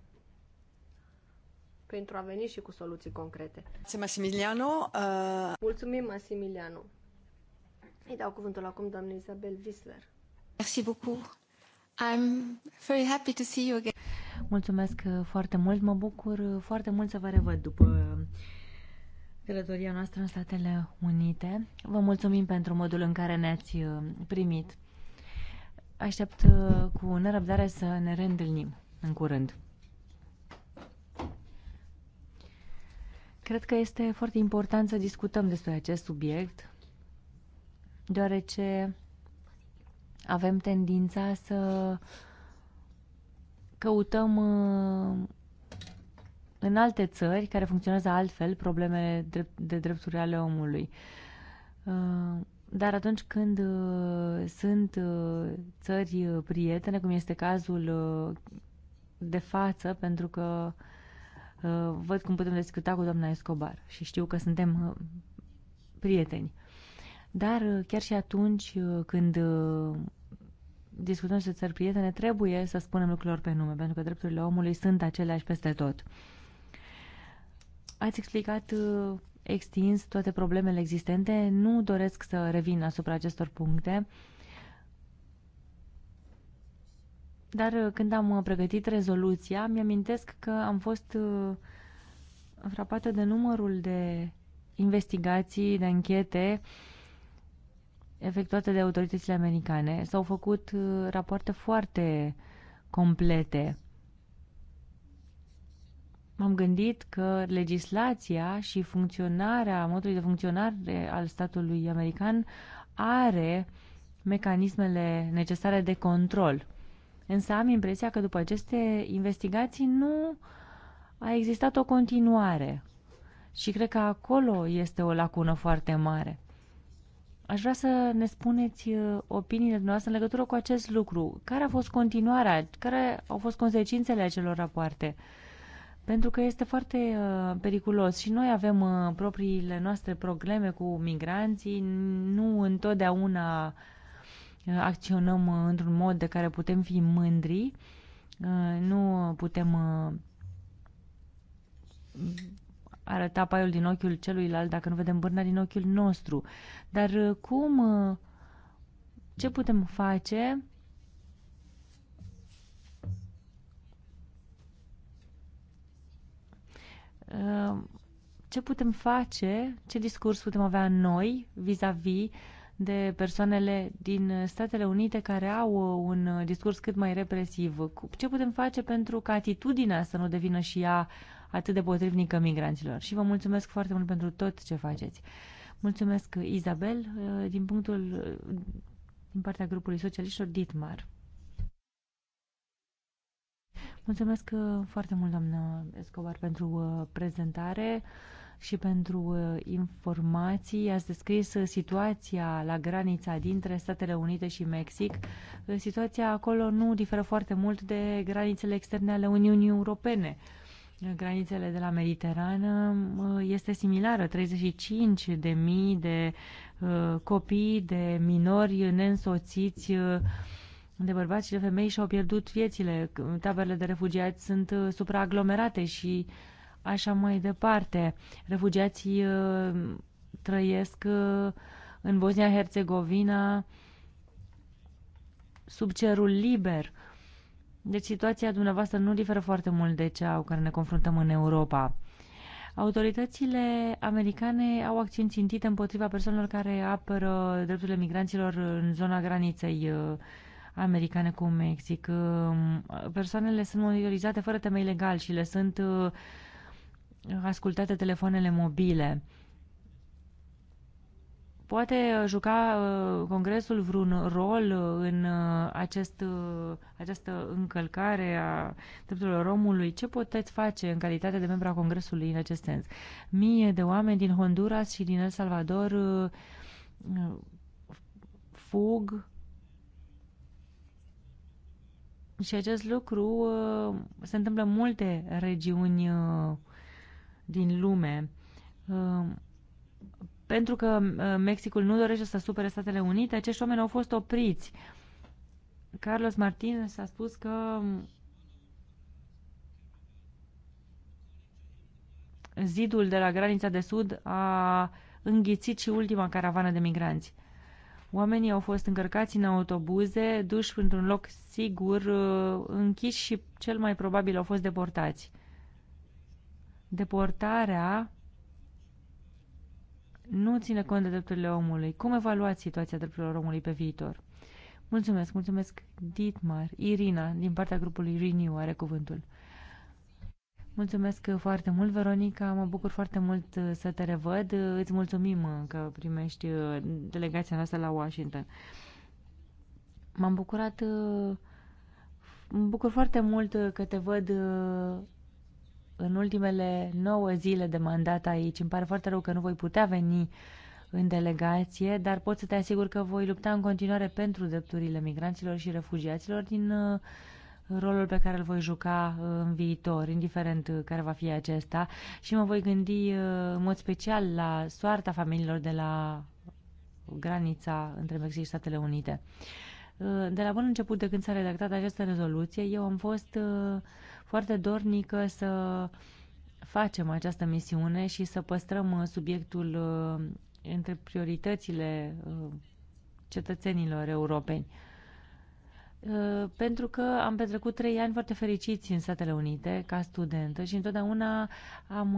pentru a veni și cu soluții concrete. Massimiliano. Uh... Mulțumim, Massimiliano. Îi dau cuvântul acum doamnei Isabel Visler. Merci beaucoup. I'm very happy to see you again. Mulțumesc uh, foarte mult, mă bucur uh, foarte mult să vă revăd după uh, călătoria noastră în Statele Unite. Vă mulțumim pentru modul în care ne-ați primit. Aștept cu nerăbdare să ne reîntâlnim în curând. Cred că este foarte important să discutăm despre acest subiect, deoarece avem tendința să căutăm uh, în alte țări care funcționează altfel problemele de drepturi ale omului. Uh, dar atunci când uh, sunt țări prietene, cum este cazul de față, pentru că văd cum putem discuta cu doamna Escobar și știu că suntem prieteni. Dar chiar și atunci când discutăm despre țări prietene, trebuie să spunem lucrurilor pe nume, pentru că drepturile omului sunt aceleași peste tot. Ați explicat uh, extins toate problemele existente. Nu doresc să revin asupra acestor puncte. Dar uh, când am uh, pregătit rezoluția, mi-amintesc că am fost frapată de numărul de investigații, de închete uh, efectuate de autoritățile americane. S-au făcut uh, rapoarte foarte complete. M-am gândit că legislația și funcționarea, modul de funcționare al statului american are mecanismele necesare de control. Însă am impresia că după aceste investigații nu a existat o continuare. Și cred că acolo este o lacună foarte mare. Aș vrea să ne spuneți uh, opiniile noastre în legătură cu acest lucru. Care a fost continuarea? Care au fost consecințele acelor rapoarte? Pentru că este foarte uh, periculos și noi avem uh, propriile noastre probleme cu migranții, nu întotdeauna uh, acționăm uh, într-un mod de care putem fi mândri, uh, nu putem uh, arăta paiul din ochiul celuilalt dacă nu vedem bârna din ochiul nostru. Dar uh, cum, uh, ce putem face uh, ce putem face, ce discurs putem avea noi vis-a-vis -vis de persoanele din Statele Unite care au un discurs cât mai represiv. Ce putem face pentru ca atitudinea să nu devină și ea atât de potrivnică migranților. Și vă mulțumesc foarte mult pentru tot ce faceți. Mulțumesc, Izabel, uh, din punctul uh, din partea grupului socialiștilor Ditmar. Mulțumesc uh, foarte mult, doamnă Escobar, pentru prezentare și pentru informații. Ați descris situația la granița dintre Statele Unite și Mexic. Situația acolo nu diferă foarte mult de granițele externe ale Uniunii Europene granițele de la Mediterană este similară. 35 de mii de uh, copii, de minori neînsoțiți, uh, de bărbați și de femei și-au pierdut viețile. Taberele de refugiați sunt uh, supraaglomerate și așa mai departe. Refugiații trăiesc în Bosnia-Herzegovina sub cerul liber. Deci situația dumneavoastră nu diferă foarte mult de cea cu care ne confruntăm în Europa. Autoritățile americane au acțiuni țintite împotriva persoanelor care apără drepturile migranților în zona graniței uh, americane cu Mexic. Uh, persoanele sunt monitorizate fără temei legal și le sunt uh, ascultate telefoanele mobile. Poate uh, juca uh, Congresul vreun rol uh, în acest, această încălcare a drepturilor omului? Ce puteți face în calitate de membru a Congresului în acest sens? Mie de oameni din Honduras și din El Salvador fug și acest lucru se întâmplă în multe regiuni din lume pentru că uh, Mexicul nu dorește să supere Statele Unite, acești oameni au fost opriți. Carlos Martinez a spus că um, zidul de la granița de sud a înghițit și ultima caravană de migranți. Oamenii au fost încărcați în autobuze, duși într-un loc sigur, uh, închiși și cel mai probabil au fost deportați. Deportarea nu ține cont de drepturile omului. Cum evaluați situația drepturilor omului pe viitor? Mulțumesc, mulțumesc Dietmar. Irina, din partea grupului Renew, are cuvântul. Mulțumesc foarte mult, Veronica. Mă bucur foarte mult uh, să te revăd. Uh, îți mulțumim uh, că primești delegația noastră la Washington. M-am bucurat... Mă bucur foarte mult că te văd în ultimele nouă zile de mandat aici. Îmi pare foarte rău că nu voi putea veni în delegație, dar pot să te asigur că voi lupta în continuare pentru drepturile migranților și refugiaților din uh, rolul pe care îl voi juca uh, în viitor, indiferent uh, care va fi acesta, și mă voi gândi în mod special la soarta familiilor de la granița între Mexic și Statele Unite. Uh, de la bun început de când s-a redactat această rezoluție, eu am fost uh, foarte dornică să facem această misiune și să păstrăm uh, subiectul între prioritățile cetățenilor europeni. Pentru că am petrecut trei ani foarte fericiți în Statele Unite ca studentă și întotdeauna am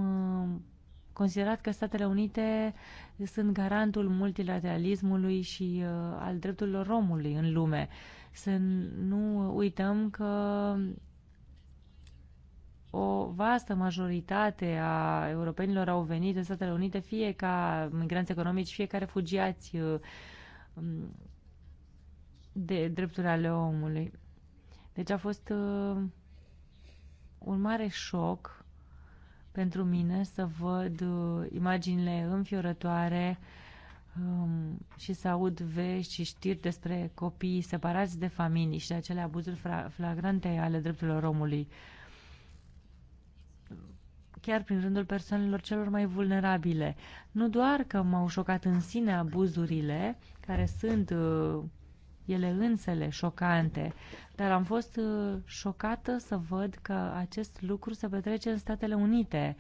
considerat că Statele Unite sunt garantul multilateralismului și uh, al drepturilor omului în lume. Să nu uităm că o vastă majoritate a europenilor au venit în Statele Unite, fie ca migranți economici, fie ca refugiați uh, de drepturi ale omului. Deci a fost uh, un mare șoc pentru mine să văd uh, imaginile înfiorătoare um, și să aud vești și știri despre copii separați de familii și de acele abuzuri flagrante ale drepturilor omului. Chiar prin rândul persoanelor celor mai vulnerabile. Nu doar că m-au șocat în sine abuzurile, care sunt uh, ele însele șocante, dar am fost uh, șocată să văd că acest lucru se petrece în Statele Unite.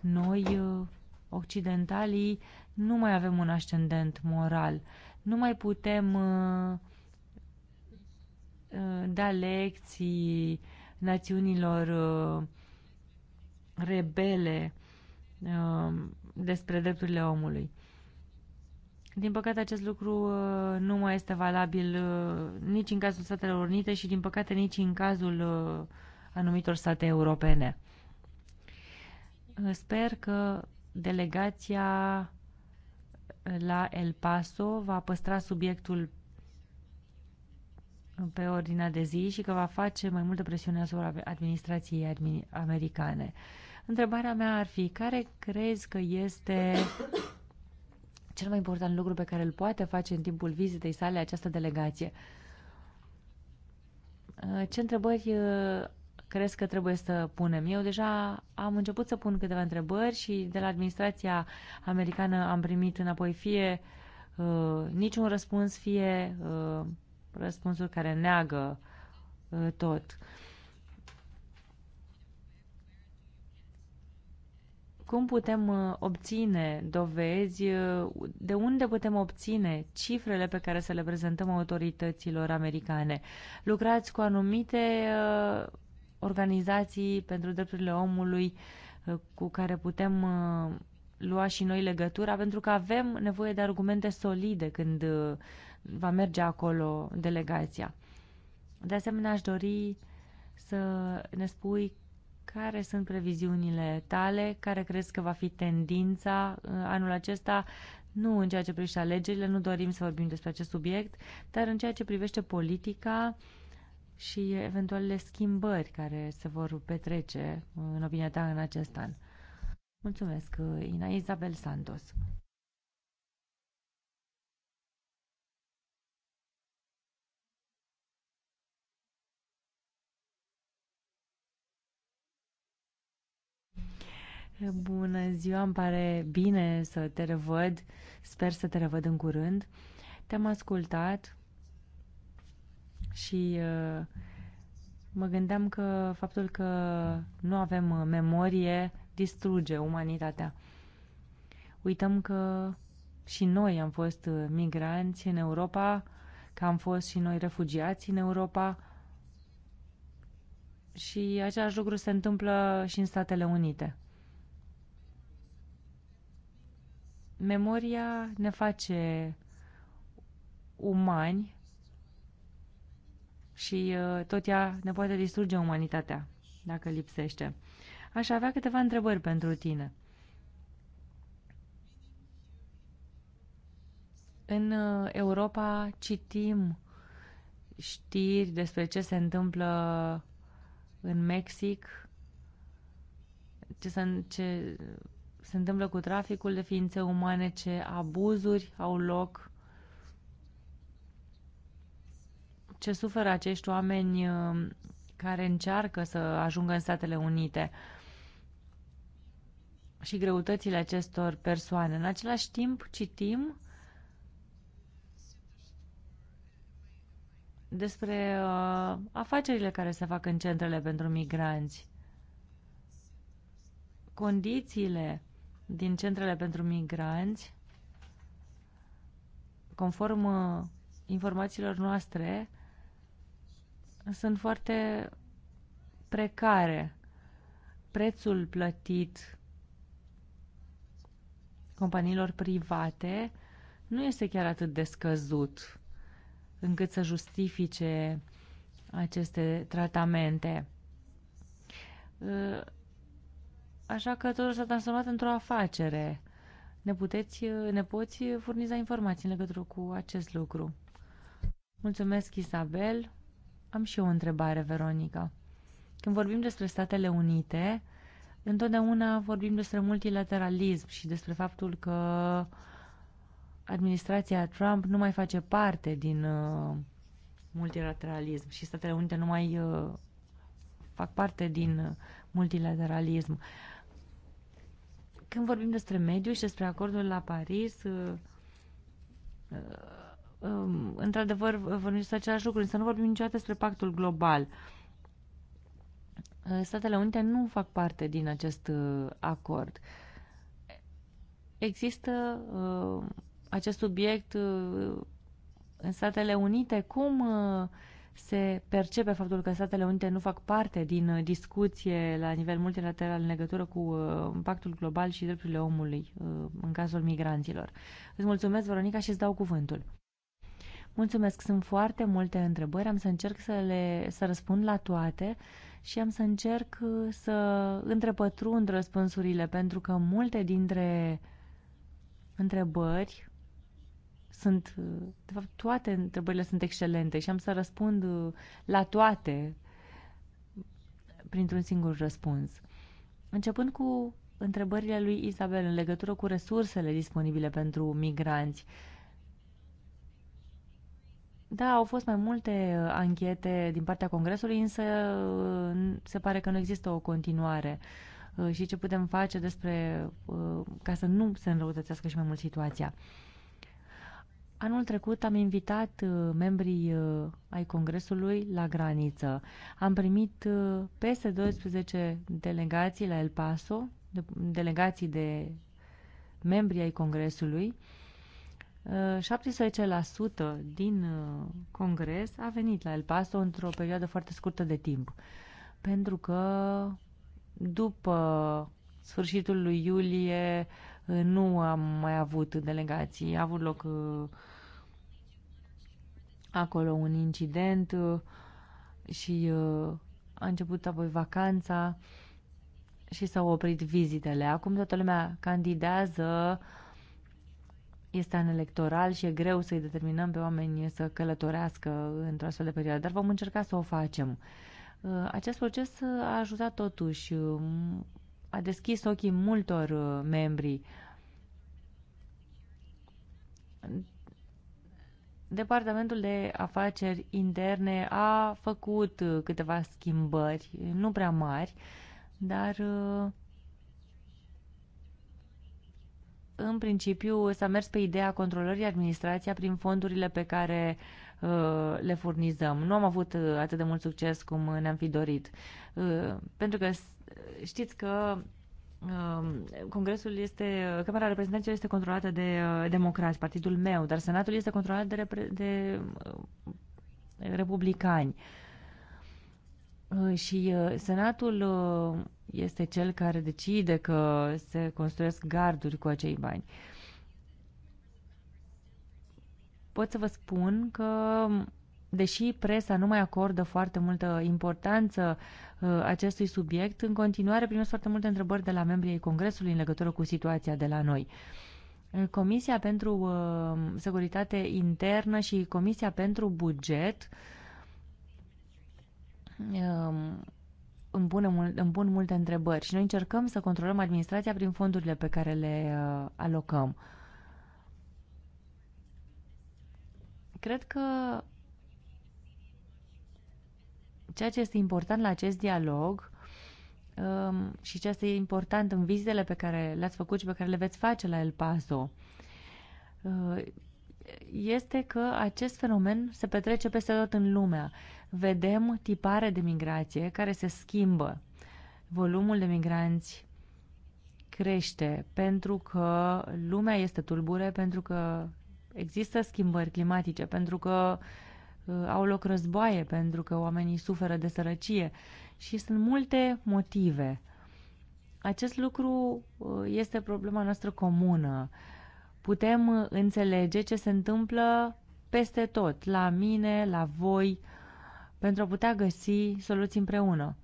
Noi, uh, occidentalii, nu mai avem un ascendent moral. Nu mai putem uh, da lecții națiunilor rebele despre drepturile omului. Din păcate, acest lucru uh, nu mai este valabil uh, nici în cazul Statelor Unite și, din păcate, nici în cazul uh, anumitor state europene. Sper că delegația la El Paso va păstra subiectul pe ordinea de zi și că va face mai multă presiune asupra administrației americane. Întrebarea mea ar fi, care crezi că este cel mai important lucru pe care îl poate face în timpul vizitei sale această delegație. Uh, ce întrebări uh, crezi că trebuie să punem? Eu deja am început să pun câteva întrebări și de la administrația americană am primit înapoi fie uh, niciun răspuns, fie uh, răspunsuri care neagă uh, tot. Uh, Cum putem uh, obține dovezi? Uh, de unde putem obține cifrele pe care să le prezentăm autorităților americane? Lucrați cu anumite uh, organizații pentru drepturile omului cu care putem lua și noi legătura, pentru că avem nevoie de argumente solide când va merge acolo delegația. De asemenea, aș dori să ne spui care sunt previziunile tale? Care crezi că va fi tendința uh, anul acesta? Nu în ceea ce privește alegerile, nu dorim să vorbim despre acest subiect, dar în ceea ce privește politica și eventualele schimbări care se vor petrece, uh, în opinia ta, în acest an. Mulțumesc, uh, Ina Isabel Santos. Bună ziua, îmi pare bine să te revăd. Sper să te revăd în curând. Te-am ascultat și uh, mă gândeam că faptul că nu avem uh, memorie distruge umanitatea. Uităm că și noi am fost uh, migranți în Europa, că am fost și noi refugiați în Europa și același lucru se întâmplă și în Statele Unite. Memoria ne face umani și uh, tot ea ne poate distruge umanitatea dacă lipsește. Aș avea câteva întrebări pentru tine. În uh, Europa citim știri despre ce se întâmplă în Mexic, ce, se, ce se întâmplă cu traficul de ființe umane, ce abuzuri au loc, ce suferă acești oameni uh, care încearcă să ajungă în Statele Unite și greutățile acestor persoane. În același timp, citim despre uh, afacerile care se fac în centrele pentru migranți. Condițiile din centrele pentru migranți, conform uh, informațiilor noastre, sunt foarte precare. Prețul plătit companiilor private nu este chiar atât de scăzut încât să justifice aceste tratamente uh, Așa că totul s-a transformat într-o afacere. Ne, puteți, ne poți furniza informații în legătură cu acest lucru. Mulțumesc, Isabel. Am și eu o întrebare, Veronica. Când vorbim despre Statele Unite, întotdeauna vorbim despre multilateralism și despre faptul că administrația Trump nu mai face parte din uh, multilateralism și Statele Unite nu mai uh, fac parte din uh, multilateralism. Uh, când vorbim despre mediu și despre acordul la Paris, uh, uh, um, într-adevăr vorbim despre același lucru, însă nu vorbim niciodată despre pactul global. Uh, Statele Unite nu fac parte din acest acord. Există acest subiect în Statele Unite. Cum uh, se percepe faptul că Statele Unite nu fac parte din uh, discuție la nivel multilateral în legătură cu impactul uh, global și drepturile omului uh, în cazul migranților. Îți mulțumesc, Veronica, și îți dau cuvântul. Mulțumesc, sunt foarte multe întrebări, am să încerc să le să răspund la toate și am să încerc să întrepătrund răspunsurile, pentru că multe dintre întrebări sunt, uh, de fapt, toate întrebările sunt excelente și am să răspund uh, la toate printr-un singur răspuns. Începând cu întrebările lui Isabel în legătură cu resursele disponibile pentru migranți. Da, au fost mai multe uh, anchete din partea Congresului, însă se pare că nu există o continuare. Și ce putem face despre ca să nu se înrăutățească și mai mult situația. Anul trecut am invitat uh, membrii uh, ai Congresului la graniță. Am primit uh, peste 12 delegații la El Paso, delegații de membri ai Congresului. 17% din Congres a venit la El Paso într-o perioadă foarte scurtă de timp, pentru că după sfârșitul lui iulie nu am mai avut delegații. A avut loc acolo un incident uh, și uh, a început apoi vacanța și s-au oprit vizitele. Acum toată lumea candidează, este an electoral și e greu să-i determinăm pe oameni să călătorească într-o astfel de perioadă, dar vom încerca să o facem. Uh, acest proces a ajutat totuși, a deschis ochii multor membri Departamentul de Afaceri Interne a făcut uh, câteva schimbări, nu prea mari, dar uh, în principiu s-a mers pe ideea controlării administrația prin fondurile pe care uh, le furnizăm. Nu am avut atât de mult succes cum ne-am fi dorit. pentru că știți că Um, Congresul este, Camera Reprezentanților este controlată de uh, democrați, partidul meu, dar Senatul este controlat de, repre, de uh, republicani. Uh, și Senatul este cel care decide că se construiesc garduri cu acei bani. Pot să vă spun că deși presa nu mai acordă foarte multă importanță uh, acestui subiect, în continuare primesc foarte multe întrebări de la membrii Congresului în legătură cu situația de la noi. Uh, Comisia pentru uh, Securitate Internă și Comisia pentru Buget um, îmi, pune mul- multe întrebări și noi încercăm să controlăm administrația prin fondurile pe care le alocăm. Cred că Ceea ce este important la acest dialog um, și ce este important în vizitele pe care le-ați făcut și pe care le veți face la El Paso, uh, este că acest fenomen se petrece peste tot în lumea. Vedem tipare de migrație care se schimbă. Volumul de migranți crește pentru că lumea este tulbure, pentru că există schimbări climatice, pentru că uh, Uh, au loc războaie pentru că oamenii suferă de sărăcie și sunt multe motive. Acest lucru uh, este problema noastră comună. Putem înțelege ce se întâmplă peste tot, la mine, la voi, pentru a putea găsi soluții împreună.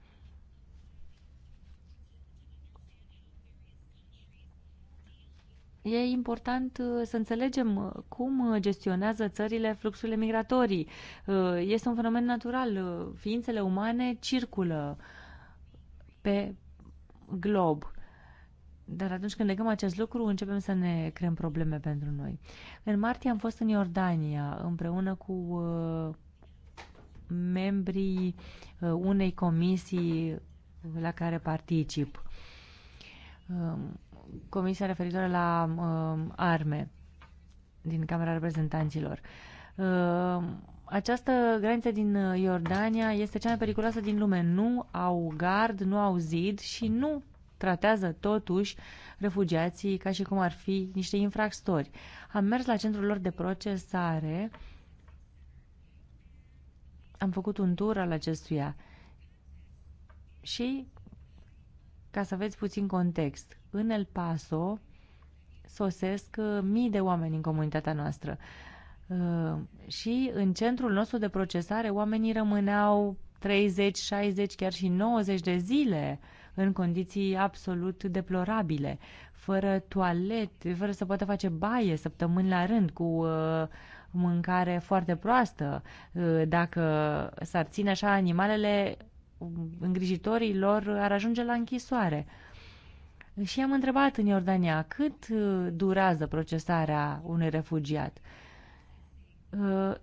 E important uh, să înțelegem uh, cum uh, gestionează țările fluxurile migratorii. Este un fenomen natural. Ființele umane circulă pe glob. Dar atunci când legăm acest lucru, începem să ne creăm probleme pentru noi. În martie am fost în Iordania împreună cu membrii unei comisii la care particip. Um, comisia referitoare la uh, arme din Camera Reprezentanților. Uh, această graniță din Iordania este cea mai periculoasă din lume. Nu au gard, nu au zid și nu tratează totuși refugiații ca și cum ar fi niște infractori. Am mers la centrul lor de procesare, am făcut un tur al acestuia și, ca să aveți puțin context, în El Paso sosesc uh, mii de oameni în comunitatea noastră. Uh, și în centrul nostru de procesare oamenii rămâneau 30, 60, chiar și 90 de zile în condiții absolut deplorabile, fără toalet, fără să poată face baie săptămâni la rând, cu uh, mâncare foarte proastă. dacă s-ar ține așa animalele, îngrijitorii lor ar ajunge la închisoare. Uh, și am întrebat în Iordania cât uh, durează procesarea unui refugiat. Uh,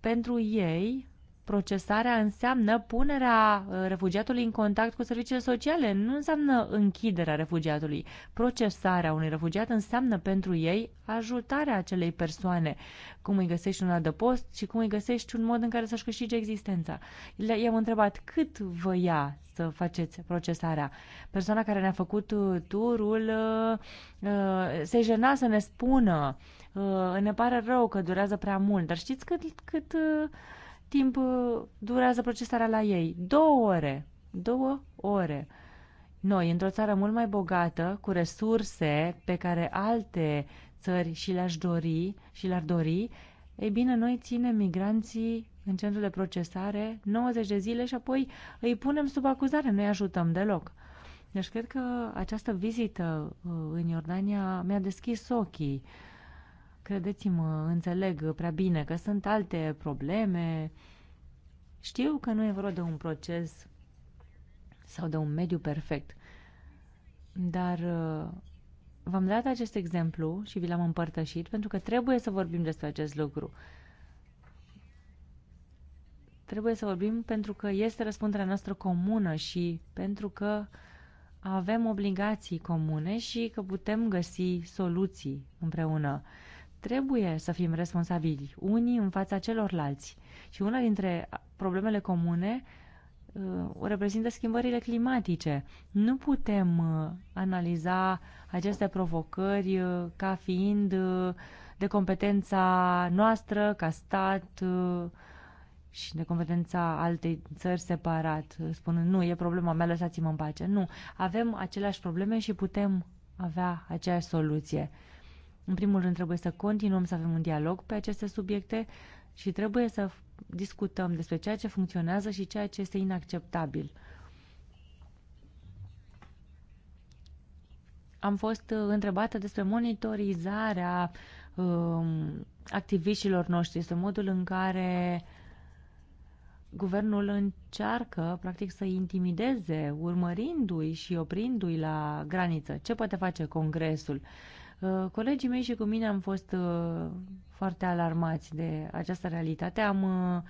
pentru ei, procesarea înseamnă punerea uh, refugiatului în contact cu serviciile sociale, nu înseamnă închiderea refugiatului. Procesarea unui refugiat înseamnă pentru ei ajutarea acelei persoane, cum îi găsești un adăpost și cum îi găsești un mod în care să-și câștige existența. I-am întrebat cât vă ia să faceți procesarea. Persoana care ne-a făcut uh, turul uh, se jena să ne spună ne pare rău că durează prea mult, dar știți cât, cât timp uh, durează procesarea la ei? Două ore. Două ore. Noi, într-o țară mult mai bogată, cu resurse pe care alte țări și le aș dori, și le-ar dori, ei bine, noi ținem migranții în centrul de procesare 90 de zile și apoi îi punem sub acuzare, nu-i ajutăm deloc. Deci cred că această vizită uh, în Iordania mi-a deschis ochii Credeți-mă, înțeleg prea bine că sunt alte probleme. Știu că nu e vorba de un proces sau de un mediu perfect, dar uh, v-am dat acest exemplu și vi l-am împărtășit pentru că trebuie să vorbim despre acest lucru. Trebuie să vorbim pentru că este răspunderea noastră comună și pentru că avem obligații comune și că putem găsi soluții împreună. Trebuie să fim responsabili unii în fața celorlalți. Și una dintre problemele comune uh, reprezintă schimbările climatice. Nu putem uh, analiza aceste provocări uh, ca fiind de competența noastră ca stat și de competența altei țări separat, spunând nu, e problema mea, lăsați-mă în pace. Nu, avem aceleași probleme și putem avea aceeași soluție. În primul rând trebuie să continuăm să avem un dialog pe aceste subiecte și trebuie să discutăm despre ceea ce funcționează și ceea ce este inacceptabil. Am fost uh, întrebată despre monitorizarea um, activiștilor noștri, este modul în care guvernul încearcă, practic, să intimideze, urmărindu-i și oprindu-i la graniță. Ce poate face Congresul? Uh, colegii mei și cu mine am fost uh, foarte alarmați de această realitate. Am uh,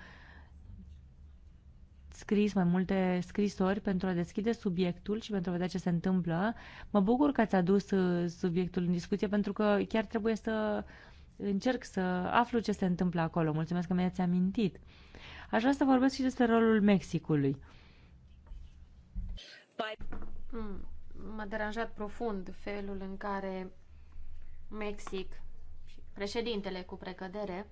scris mai multe scrisori pentru a deschide subiectul și pentru a vedea ce se întâmplă. Mă bucur că ați adus subiectul în discuție pentru că chiar trebuie să încerc să aflu ce se întâmplă acolo. Mulțumesc că mi-ați amintit. Aș vrea să vorbesc și despre rolul Mexicului. Mm, m-a deranjat profund felul în care Mexic, președintele cu precădere,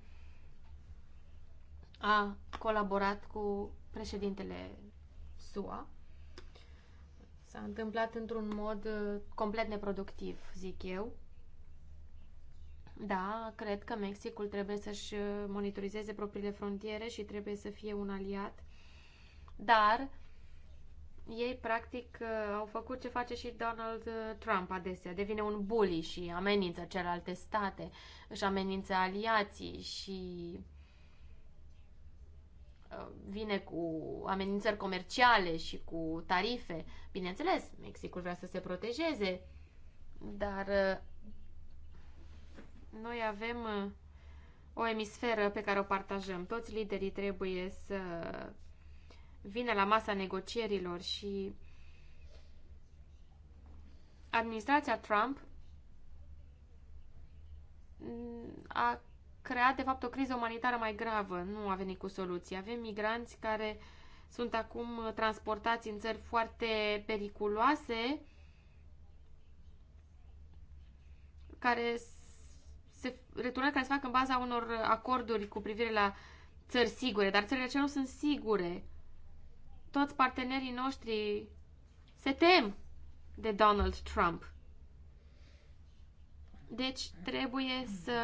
a colaborat cu președintele SUA. S-a întâmplat într-un mod uh, complet neproductiv, zic eu. Da, cred că Mexicul trebuie să-și uh, monitorizeze propriile frontiere și trebuie să fie un aliat. Dar ei practic uh, au făcut ce face și Donald uh, Trump adesea. Devine un bully și amenință celelalte state, își amenință aliații și uh, vine cu amenințări comerciale și cu tarife. Bineînțeles, Mexicul vrea să se protejeze, dar noi avem o emisferă pe care o partajăm. Toți liderii trebuie să vine la masa negocierilor și administrația Trump a creat, de fapt, o criză umanitară mai gravă. Nu a venit cu soluții. Avem migranți care sunt acum transportați în țări foarte periculoase, care se returnează care se fac în baza unor acorduri cu privire la țări sigure, dar țările acelea nu sunt sigure toți partenerii noștri se tem de Donald Trump. Deci trebuie să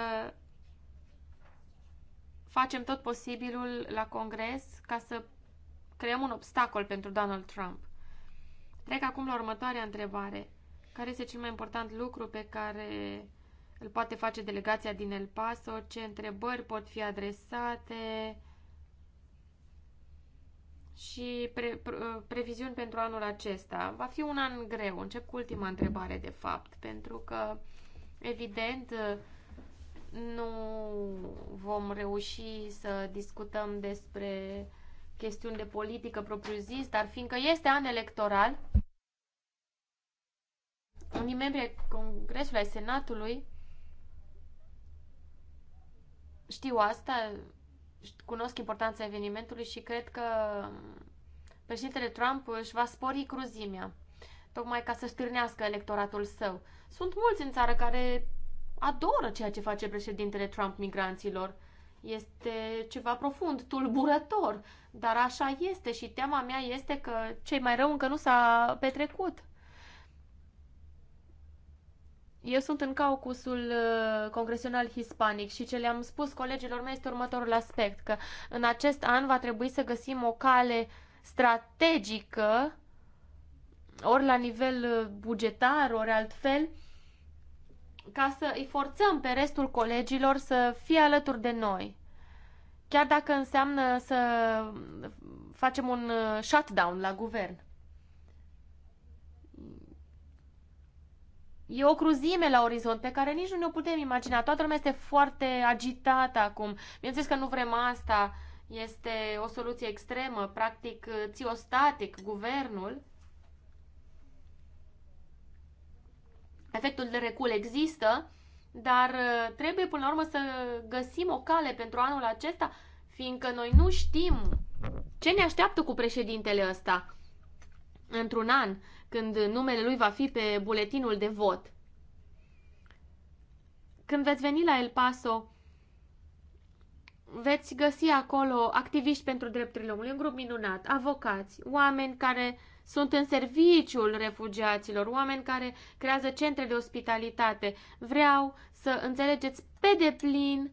facem tot posibilul la Congres ca să creăm un obstacol pentru Donald Trump. Trec acum la următoarea întrebare. Care este cel mai important lucru pe care îl poate face delegația din El Paso? Ce întrebări pot fi adresate? și pre, pre, previziuni pentru anul acesta. Va fi un an greu. Încep cu ultima întrebare, de fapt, pentru că, evident, nu vom reuși să discutăm despre chestiuni de politică propriu-zis, dar fiindcă este an electoral, unii membri ai Congresului, ai Senatului știu asta, cunosc importanța evenimentului și cred că președintele Trump își va spori cruzimea, tocmai ca să stârnească electoratul său. Sunt mulți în țară care adoră ceea ce face președintele Trump migranților. Este ceva profund, tulburător, dar așa este și teama mea este că cei mai rău încă nu s-a petrecut. Eu sunt în caucusul uh, congresional hispanic și ce le-am spus colegilor mei este următorul aspect, că în acest an va trebui să găsim o cale strategică, ori la nivel uh, bugetar, ori altfel, ca să îi forțăm pe restul colegilor să fie alături de noi. Chiar dacă înseamnă să facem un uh, shutdown la guvern. E o cruzime la orizont pe care nici nu ne-o putem imagina. Toată lumea este foarte agitată acum. Bineînțeles că nu vrem asta. Este o soluție extremă, practic uh, static, guvernul. Efectul de recul există, dar uh, trebuie până la urmă să găsim o cale pentru anul acesta, fiindcă noi nu știm ce ne așteaptă cu președintele ăsta într-un an când numele lui va fi pe buletinul de vot. Când veți veni la El Paso, veți găsi acolo activiști pentru drepturile omului, un grup minunat, avocați, oameni care sunt în serviciul refugiaților, oameni care creează centre de ospitalitate. Vreau să înțelegeți pe deplin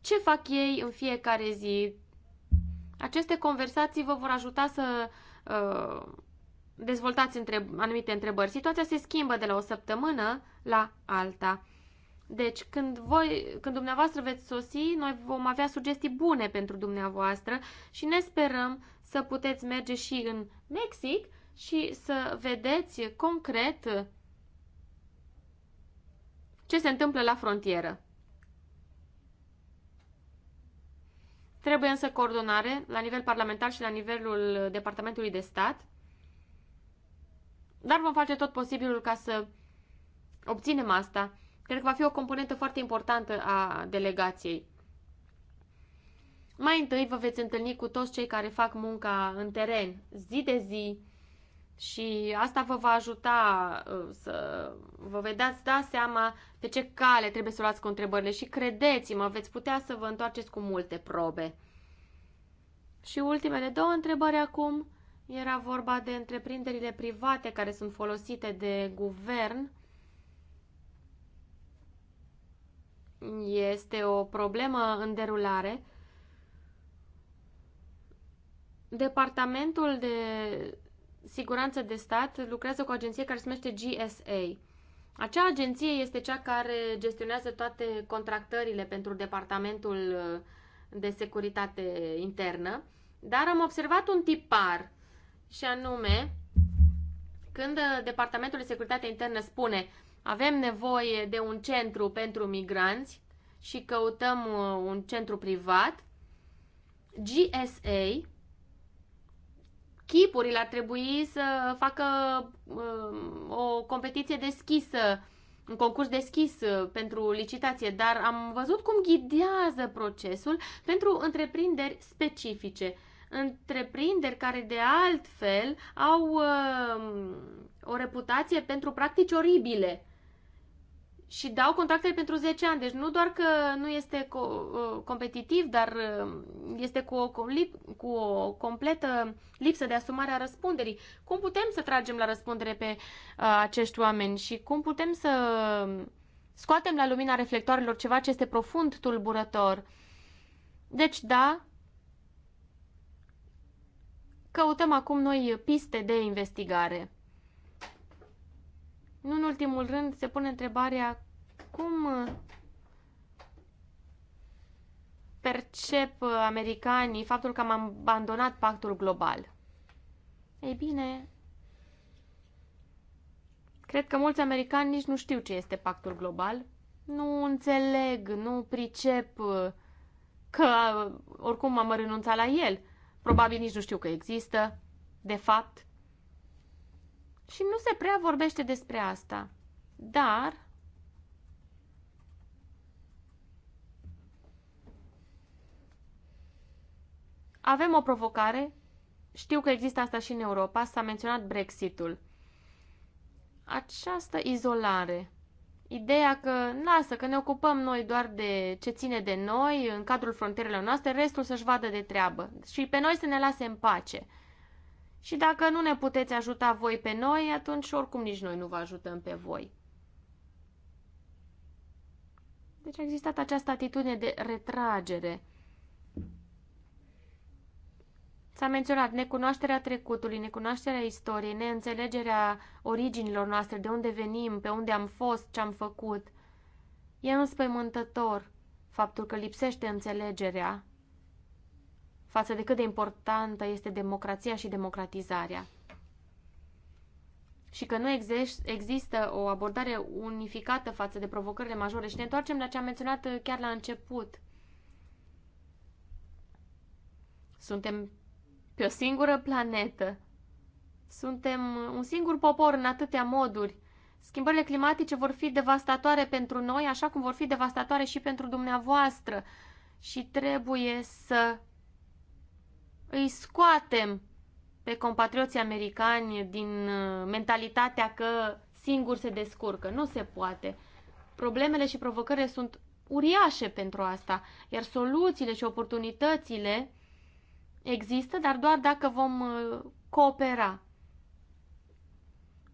ce fac ei în fiecare zi. Aceste conversații vă vor ajuta să uh, dezvoltați întreb anumite întrebări. Situația se schimbă de la o săptămână la alta. Deci, când, voi, când dumneavoastră veți sosi, noi vom avea sugestii bune pentru dumneavoastră și ne sperăm să puteți merge și în Mexic și să vedeți concret ce se întâmplă la frontieră. Trebuie însă coordonare la nivel parlamentar și la nivelul Departamentului de Stat dar vom face tot posibilul ca să obținem asta. Cred că va fi o componentă foarte importantă a delegației. Mai întâi vă veți întâlni cu toți cei care fac munca în teren, zi de zi, și asta vă va ajuta uh, să vă vedeți, da seama pe ce cale trebuie să luați cu întrebările și credeți-mă, veți putea să vă întoarceți cu multe probe. Și ultimele două întrebări acum. Era vorba de întreprinderile private care sunt folosite de guvern. Este o problemă în derulare. Departamentul de Siguranță de Stat lucrează cu o agenție care se numește GSA. Acea agenție este cea care gestionează toate contractările pentru Departamentul de Securitate Internă, dar am observat un tipar și anume când uh, Departamentul de Securitate Internă spune avem nevoie de un centru pentru migranți și căutăm uh, un centru privat, GSA, chipurile ar trebui să facă uh, o competiție deschisă, un concurs deschis pentru licitație, dar am văzut cum ghidează procesul pentru întreprinderi specifice întreprinderi care de altfel au uh, o reputație pentru practici oribile și dau contractele pentru 10 ani. Deci nu doar că nu este co- uh, competitiv, dar um, este cu o, cu o completă lipsă de asumare a răspunderii. Cum putem să tragem la răspundere pe uh, acești oameni și cum putem să um, scoatem la lumina reflectoarelor ceva ce este profund tulburător? Deci da, Căutăm acum noi piste de investigare. Nu în ultimul rând se pune întrebarea cum uh, percep uh, americanii faptul că am abandonat pactul global. Ei bine, cred că mulți americani nici nu știu ce este pactul global. Nu înțeleg, nu pricep uh, că oricum am renunțat la el probabil nici nu știu că există, de fapt. Și nu se prea vorbește despre asta. Dar avem o provocare. Știu că există asta și în Europa. S-a menționat Brexitul. Această izolare Ideea că, lasă, că ne ocupăm noi doar de ce ține de noi, în cadrul frontierelor noastre, restul să-și vadă de treabă și pe noi să ne lase în pace. Și dacă nu ne puteți ajuta voi pe noi, atunci oricum nici noi nu vă ajutăm pe voi. Deci a existat această atitudine de retragere. S-a menționat necunoașterea trecutului, necunoașterea istoriei, neînțelegerea originilor noastre, de unde venim, pe unde am fost, ce am făcut. E înspăimântător faptul că lipsește înțelegerea față de cât de importantă este democrația și democratizarea. Și că nu există o abordare unificată față de provocările majore. Și ne întoarcem la ce am menționat chiar la început. Suntem pe o singură planetă. Suntem un singur popor în atâtea moduri. Schimbările climatice vor fi devastatoare pentru noi, așa cum vor fi devastatoare și pentru dumneavoastră. Și trebuie să îi scoatem pe compatrioții americani din uh, mentalitatea că singur se descurcă. Nu se poate. Problemele și provocările sunt uriașe pentru asta, iar soluțiile și oportunitățile există, dar doar dacă vom uh, coopera.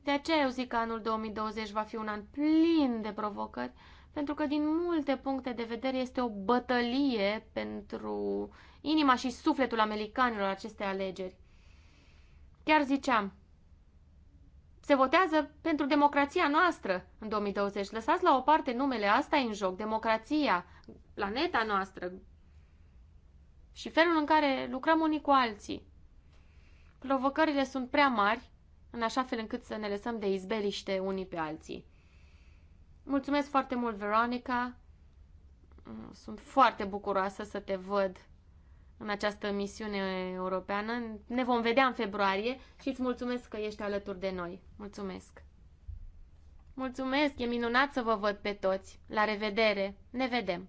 De aceea eu zic că anul 2020 va fi un an plin de provocări, pentru că din multe puncte de vedere este o bătălie pentru inima și sufletul americanilor aceste alegeri. Chiar ziceam, se votează pentru democrația noastră în 2020. Lăsați la o parte numele asta în joc, democrația, planeta noastră, și felul în care lucrăm unii cu alții. Provocările sunt prea mari, în așa fel încât să ne lăsăm de izbeliște unii pe alții. Mulțumesc foarte mult, Veronica. Mm, sunt foarte bucuroasă să te văd în această misiune europeană. Ne vom vedea în februarie și îți mulțumesc că ești alături de noi. Mulțumesc! Mulțumesc, e minunat să vă văd pe toți. La revedere, ne vedem!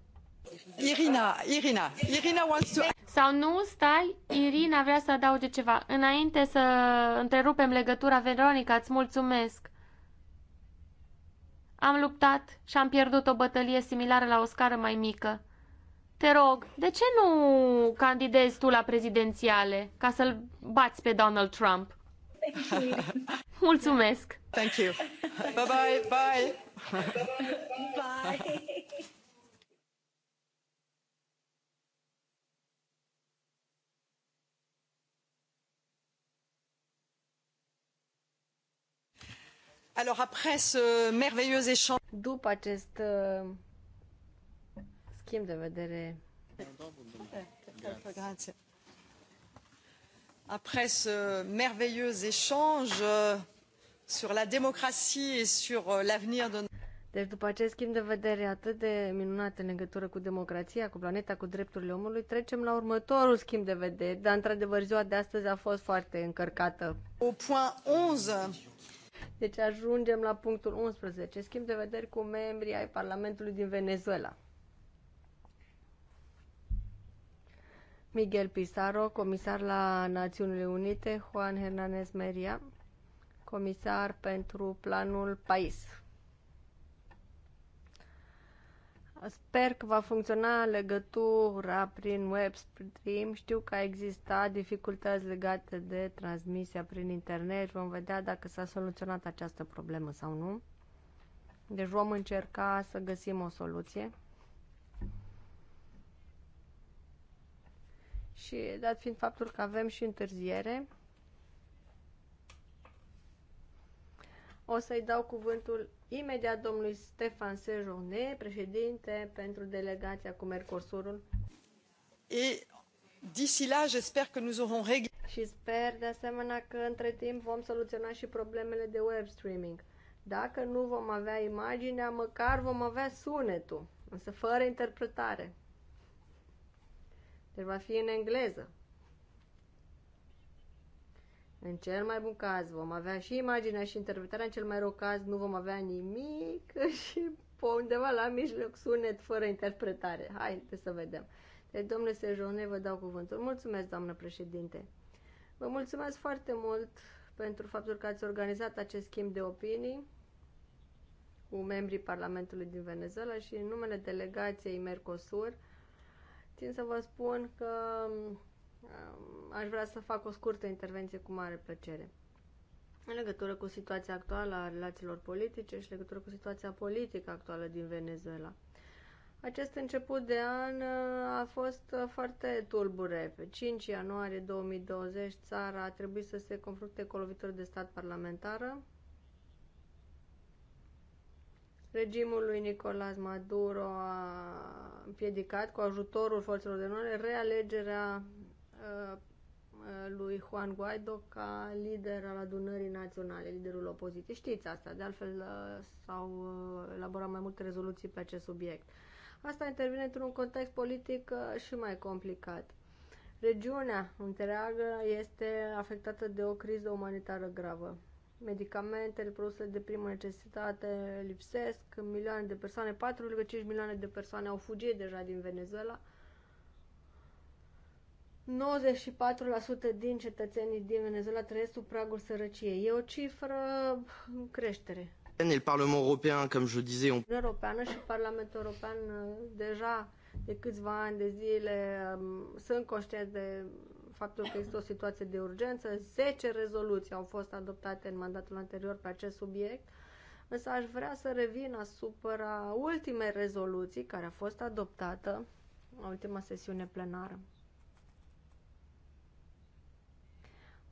Irina, Irina, Irina wants to sau nu, stai, Irina vrea să adauge ceva. Înainte să întrerupem legătura, Veronica, îți mulțumesc. Am luptat și am pierdut o bătălie similară la o scară mai mică. Te rog, de ce nu candidezi tu la prezidențiale ca să-l bați pe Donald Trump? Mulțumesc! Thank you! Bye-bye! Bye! bye. bye. bye. Alors après ce merveilleux échange... După acest uh, schimb de vedere... Grazie. Après ce merveilleux échange uh, sur la démocratie et sur uh, l'avenir de... Deci după acest schimb de vedere atât de minunat în legătură cu democrația, cu planeta, cu drepturile omului, trecem la următorul schimb de vedere. Dar într-adevăr ziua de astăzi a fost foarte încărcată. O point 11 deci ajungem la punctul 11. Schimb de vederi cu membrii ai Parlamentului din Venezuela. Miguel Pizarro, comisar la Națiunile Unite, Juan Hernández Meria, comisar pentru planul PAIS. Sper că va funcționa legătura prin webstream. Știu că a existat dificultăți legate de transmisia prin internet. Vom vedea dacă s-a soluționat această problemă sau nu. Deci vom încerca să găsim o soluție. Și dat fiind faptul că avem și întârziere, o să-i dau cuvântul imediat domnului Stefan Sejourné, președinte pentru delegația cu Mercosurul. Et d'ici là, j'espère que nous aurons réglé. Și sper de asemenea că între timp vom soluționa și problemele de web streaming. Dacă nu vom avea imaginea, măcar vom avea sunetul, însă fără interpretare. Deci va fi în engleză. În cel mai bun caz vom avea și imaginea și interpretarea, în cel mai rău caz nu vom avea nimic și pe undeva la mijloc sunet fără interpretare. Haideți să vedem. Deci, domnule Sejone, vă dau cuvântul. Mulțumesc, doamnă președinte. Vă mulțumesc foarte mult pentru faptul că ați organizat acest schimb de opinii cu membrii Parlamentului din Venezuela și în numele delegației Mercosur. Țin să vă spun că Aș vrea să fac o scurtă intervenție cu mare plăcere. În legătură cu situația actuală a relațiilor politice și legătură cu situația politică actuală din Venezuela. Acest început de an uh, a fost uh, foarte tulbure. Pe 5 ianuarie 2020, țara a trebuit să se confrunte cu o lovitură de stat parlamentară. Regimul lui Nicolás Maduro a împiedicat, cu ajutorul forțelor de noi realegerea Uh, uh, lui Juan Guaido ca lider al adunării naționale, liderul opoziției. Știți asta, de altfel uh, s-au elaborat mai multe rezoluții pe acest subiect. Asta intervine într-un context politic și mai complicat. Regiunea întreagă este afectată de o criză umanitară gravă. Medicamentele, produsele de primă necesitate lipsesc, milioane de persoane, 4,5 milioane de persoane au fugit deja din Venezuela – 94% din cetățenii din Venezuela trăiesc sub pragul sărăciei. E o cifră hmm, în creștere. Et le Parlement européen, comme je disais, on... Europeană și Parlamentul European hmm, deja de câțiva ani de zile hmm, sunt conștienți de faptul că există o situație de urgență. 10 rezoluții au fost adoptate în mandatul anterior pe acest subiect, însă aș vrea să revin asupra ultimei rezoluții care a fost adoptată la ultima sesiune plenară.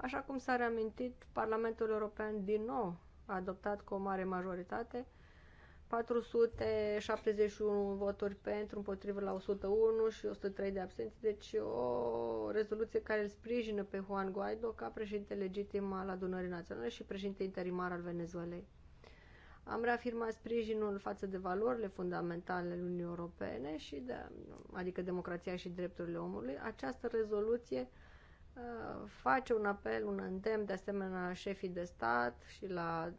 Așa cum s-a reamintit, Parlamentul European din nou a adoptat cu o mare majoritate 471 voturi pentru, împotrivă la 101 și 103 de absenți, deci o rezoluție care îl sprijină pe Juan Guaido ca președinte legitim al adunării naționale și președinte interimar al Venezuelei. Am reafirmat sprijinul față de valorile fundamentale ale Uniunii Europene, și de, adică democrația și drepturile omului. Această rezoluție face un apel, un îndemn de asemenea șefii de stat și la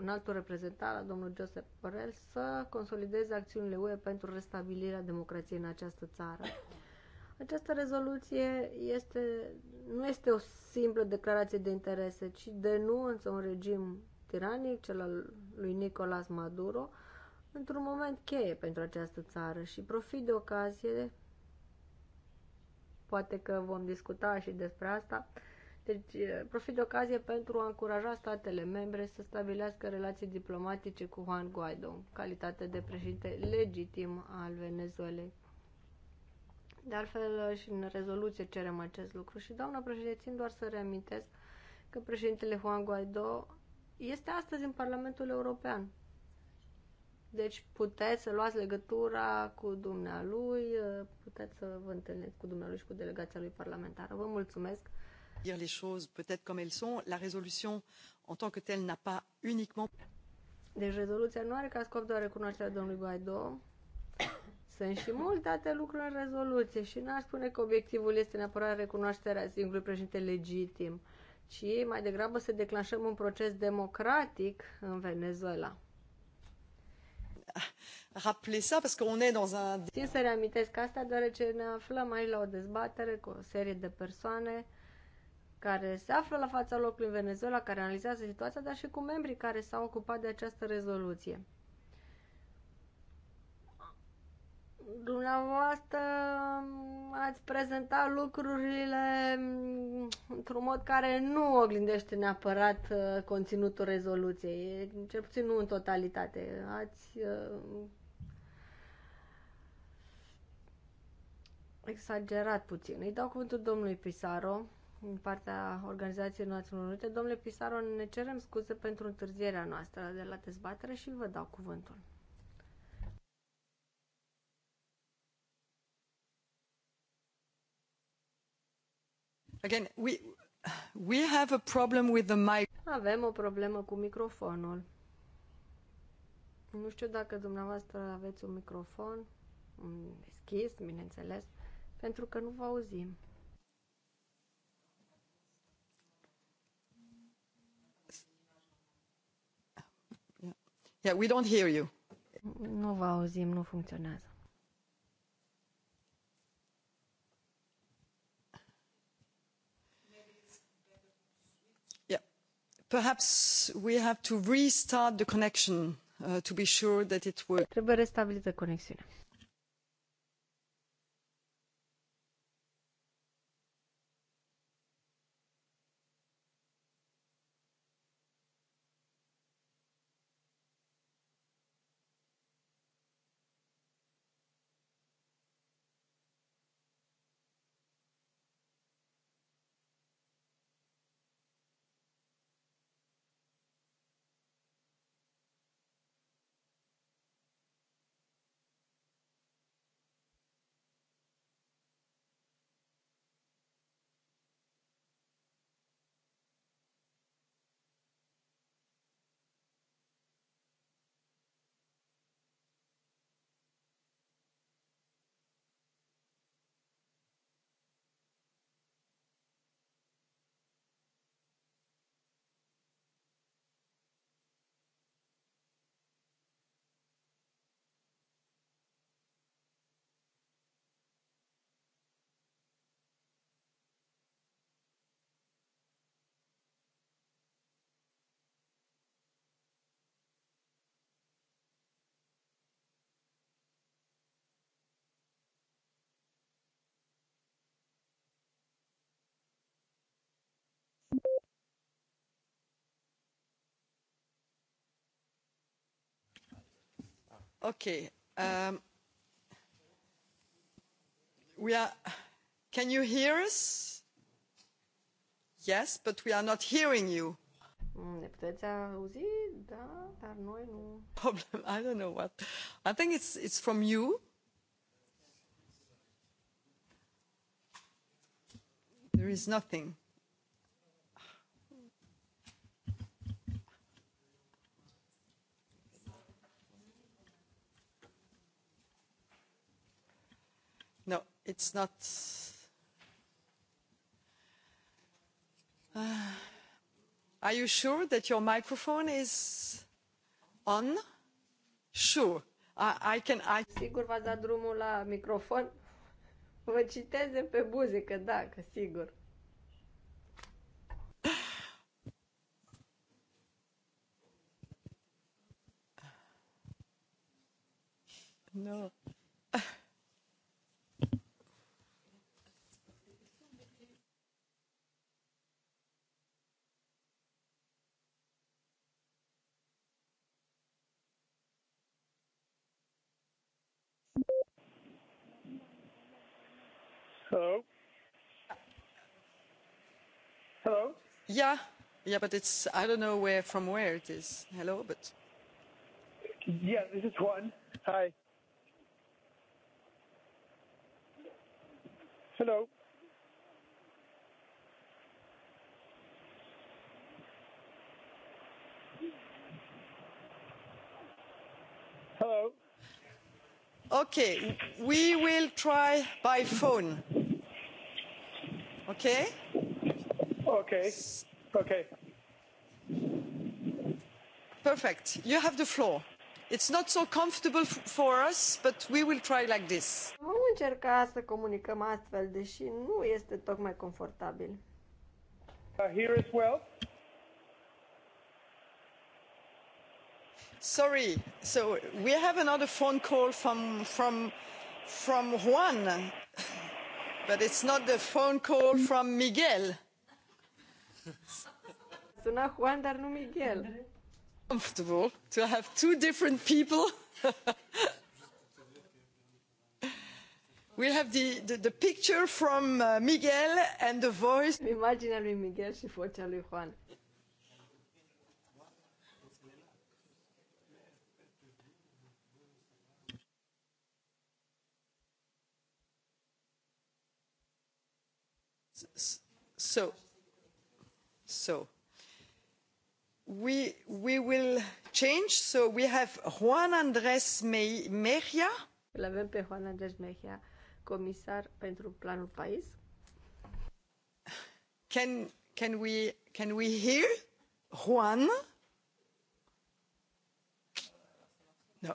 un altul reprezentant, la domnul Joseph Borrell, să consolideze acțiunile UE pentru restabilirea democrației în această țară. Această rezoluție este, nu este o simplă declarație de interese, ci denunță un regim tiranic, cel al lui Nicolas Maduro, într-un moment cheie pentru această țară și profit de ocazie Poate că vom discuta și despre asta. Deci, profit de ocazie pentru a încuraja statele membre să stabilească relații diplomatice cu Juan Guaido, calitate de președinte legitim al Venezuelei. De altfel, și în rezoluție cerem acest lucru. Și, doamna președinte, țin doar să reamintesc că președintele Juan Guaido este astăzi în Parlamentul European deci puteți să luați legătura cu dumnealui, puteți să vă întâlniți cu dumnealui și cu delegația lui parlamentară. Vă mulțumesc. Dire les choses peut-être comme elles sont, la résolution en tant que telle n'a pas uniquement deci rezoluția nu are ca scop doar recunoașterea domnului Guaido. Sunt și multe alte lucruri în rezoluție și n-aș spune că obiectivul este neapărat recunoașterea singurului președinte legitim, ci mai degrabă să declanșăm un proces democratic în Venezuela. rappeler ça parce qu'on est dans un... Țin să reamintesc asta deoarece ne aflăm aici la o dezbatere cu o serie de persoane care se află la fața locului în Venezuela, care analizează situația, dar și cu membrii care s-au ocupat de această rezoluție. dumneavoastră ați prezentat lucrurile într-un mod care nu oglindește neapărat uh, conținutul rezoluției, cel puțin nu în totalitate. Ați uh, exagerat puțin. Îi dau cuvântul domnului Pisaro din partea Organizației Națiunilor Unite. Domnule Pisaro, ne cerem scuze pentru întârzierea noastră de la dezbatere și vă dau cuvântul. Again, we, we have a problem with the mic. Avem o problemă cu microfonul. Nu știu dacă dumneavoastră aveți un microfon deschis, bineînțeles, pentru că nu vă auzim. Yeah, we don't hear you. Nu vă auzim, nu funcționează. Perhaps we have to restart the connection uh, to be sure that it works. Trebuie restabilită conexiunea. Okay. Um, we are. Can you hear us? Yes, but we are not hearing you. Mm, ne puteți auzi? Da, dar noi nu. Problem. I don't know what. I think it's it's from you. There is nothing. it's not uh, are you sure that your microphone is on sure I, I can I sigur v-ați dat drumul la microfon vă citez pe buze că da că sigur No. Hello? Hello? Yeah, yeah, but it's, I don't know where, from where it is. Hello, but. Yeah, this is Juan. Hi. Hello? Hello? Okay, we will try by phone. Okay? Okay. Okay. Perfect. You have the floor. It's not so comfortable for us, but we will try like this. Vom încerca să comunicăm astfel, deși nu este tocmai confortabil. Uh, here as well. Sorry. So we have another phone call from from from Juan. But it's not the phone call from Miguel. Suna Juan, dar nu Miguel. Comfortable to have two different people. We have the, the, the picture from uh, Miguel and the voice. Imagine lui Miguel și vocea lui Juan. So, so we, we will change. So we have Juan Andrés Me Mejia. Îl avem pe Juan Andrés Mejia, comisar pentru planul país. Can, can, we, can we hear Juan? No.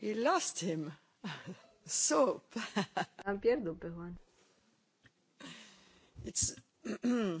He lost him. so. Am pierdut pe Juan it's mm-hmm.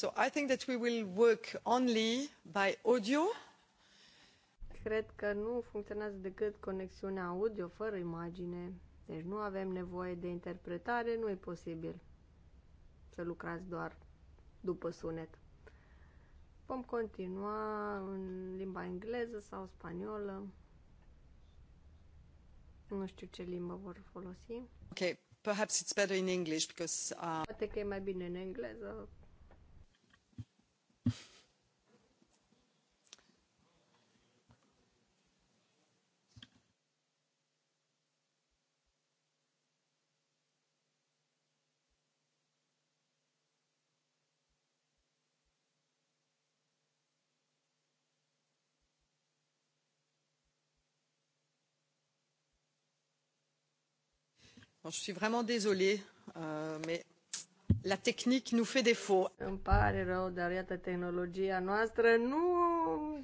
So I think that we will work only by audio. Cred că nu funcționează decât conexiunea audio fără imagine. Deci nu avem nevoie de interpretare, nu e posibil să lucrați doar după sunet. Vom continua în limba engleză sau spaniolă. Nu știu ce limbă vor folosi. Okay, perhaps it's better in English because uh... Poate că e mai bine în engleză Je suis vraiment désolée, euh, mais la technique nous fait défaut. Îmi pare rău, dar iată, tehnologia noastră nu...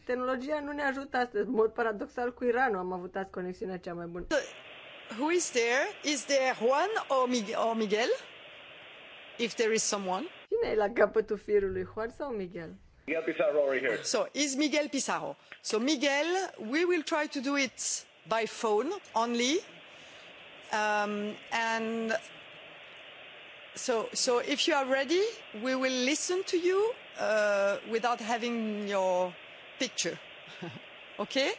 Tehnologia nu ne ajută astăzi. În mod paradoxal, cu Iranul am avut azi conexiunea cea mai bună. Uh, who is there? Is there Juan or, or Miguel? If there is someone. Cine e la capătul firului, Juan sau Miguel? Miguel Pizarro over here. So, is Miguel Pizarro. So, Miguel, we will try to do it by phone only Um, and so, so if you are ready, we will listen to you uh, without having your picture. okay?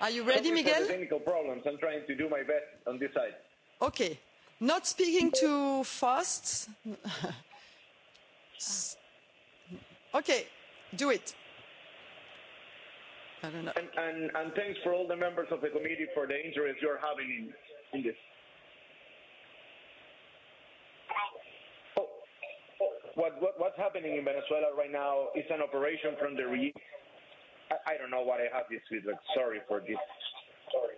Are you ready, Sorry Miguel? For technical problems. I'm trying to do my best on this side. Okay. Not speaking too fast. okay, do it. I don't know. And, and, and thanks for all the members of the committee for the interest you're having in, in this. Oh, oh, what, what, what's happening in Venezuela right now is an operation from the regime. I, I don't know what I have this feedback. Sorry for this. Sorry.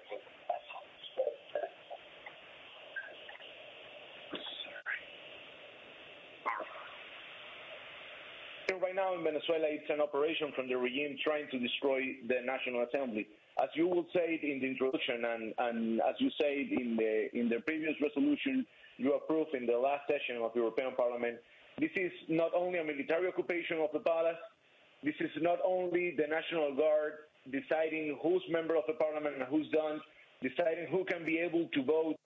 right now in Venezuela, it's an operation from the regime trying to destroy the National Assembly. As you will say it in the introduction, and, and as you said in the in the previous resolution you approved in the last session of the European Parliament, this is not only a military occupation of the palace. This is not only the National Guard deciding who's member of the parliament and who's done, deciding who can be able to vote,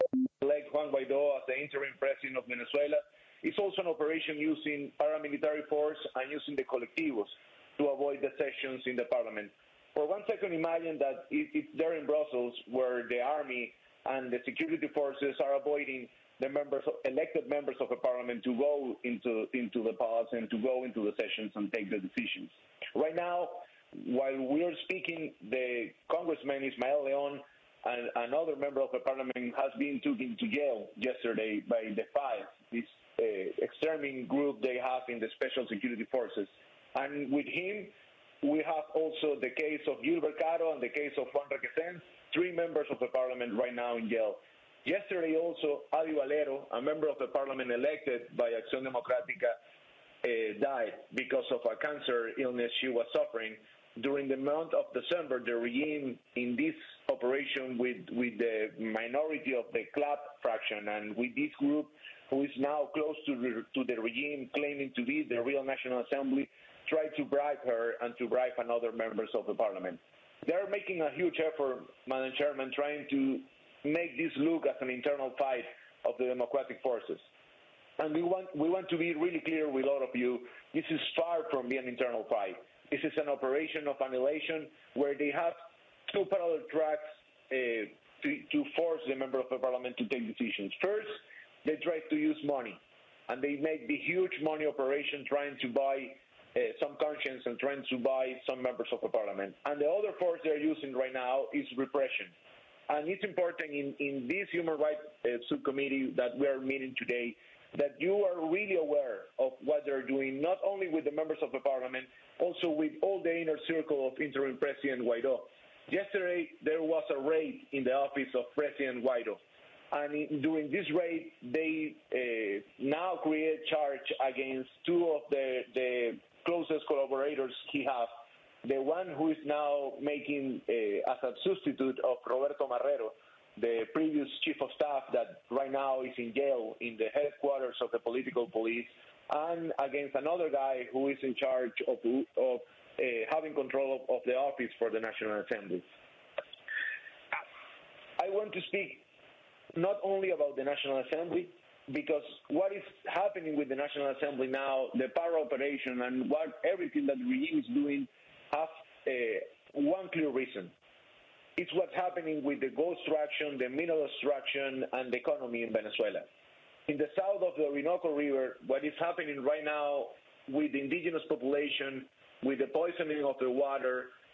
elect Juan Guaido as the interim president of Venezuela It's also an operation using paramilitary force and using the colectivos to avoid the sessions in the parliament. For one second, imagine that it, it's there in Brussels where the army and the security forces are avoiding the members, of, elected members of the parliament, to go into into the pause and to go into the sessions and take the decisions. Right now, while we are speaking, the Congressman Ismael Leon and another member of the parliament has been taken to jail yesterday by the five. This extreming group they have in the Special Security Forces. And with him, we have also the case of Gilbert Caro and the case of Juan Requesens, three members of the parliament right now in jail. Yesterday also, Adi Valero, a member of the parliament elected by Acción Democrática, uh, died because of a cancer illness she was suffering. During the month of December, the regime in this operation with, with the minority of the club fraction and with this group who is now close to, re- to the regime, claiming to be the real National Assembly, tried to bribe her and to bribe another members of the parliament. They are making a huge effort, Madam Chairman, trying to make this look as an internal fight of the democratic forces. And we want, we want to be really clear with all of you, this is far from being an internal fight. This is an operation of annihilation where they have two parallel tracks uh, to, to force the member of the parliament to take decisions. First, they try to use money. And they make the huge money operation trying to buy uh, some conscience and trying to buy some members of the parliament. And the other force they're using right now is repression. And it's important in, in this human rights uh, subcommittee that we are meeting today that you are really aware of what they're doing, not only with the members of the parliament, also with all the inner circle of interim President Guaido. Yesterday, there was a raid in the office of President Guaido And during this raid, they uh, now create charge against two of the, the closest collaborators he has. The one who is now making uh, as a substitute of Roberto Marrero, the previous chief of staff that right now is in jail in the headquarters of the political police, and against another guy who is in charge of, of uh, having control of, of the office for the National Assembly. I want to speak not only about the National Assembly, because what is happening with the National Assembly now, the power operation, and what everything that the regime is doing, have uh, one clear reason. It's what's happening with the gold extraction, the mineral extraction, and the economy in Venezuela. In the south of the Orinoco River, what is happening right now with the indigenous population, with the poisoning of the water,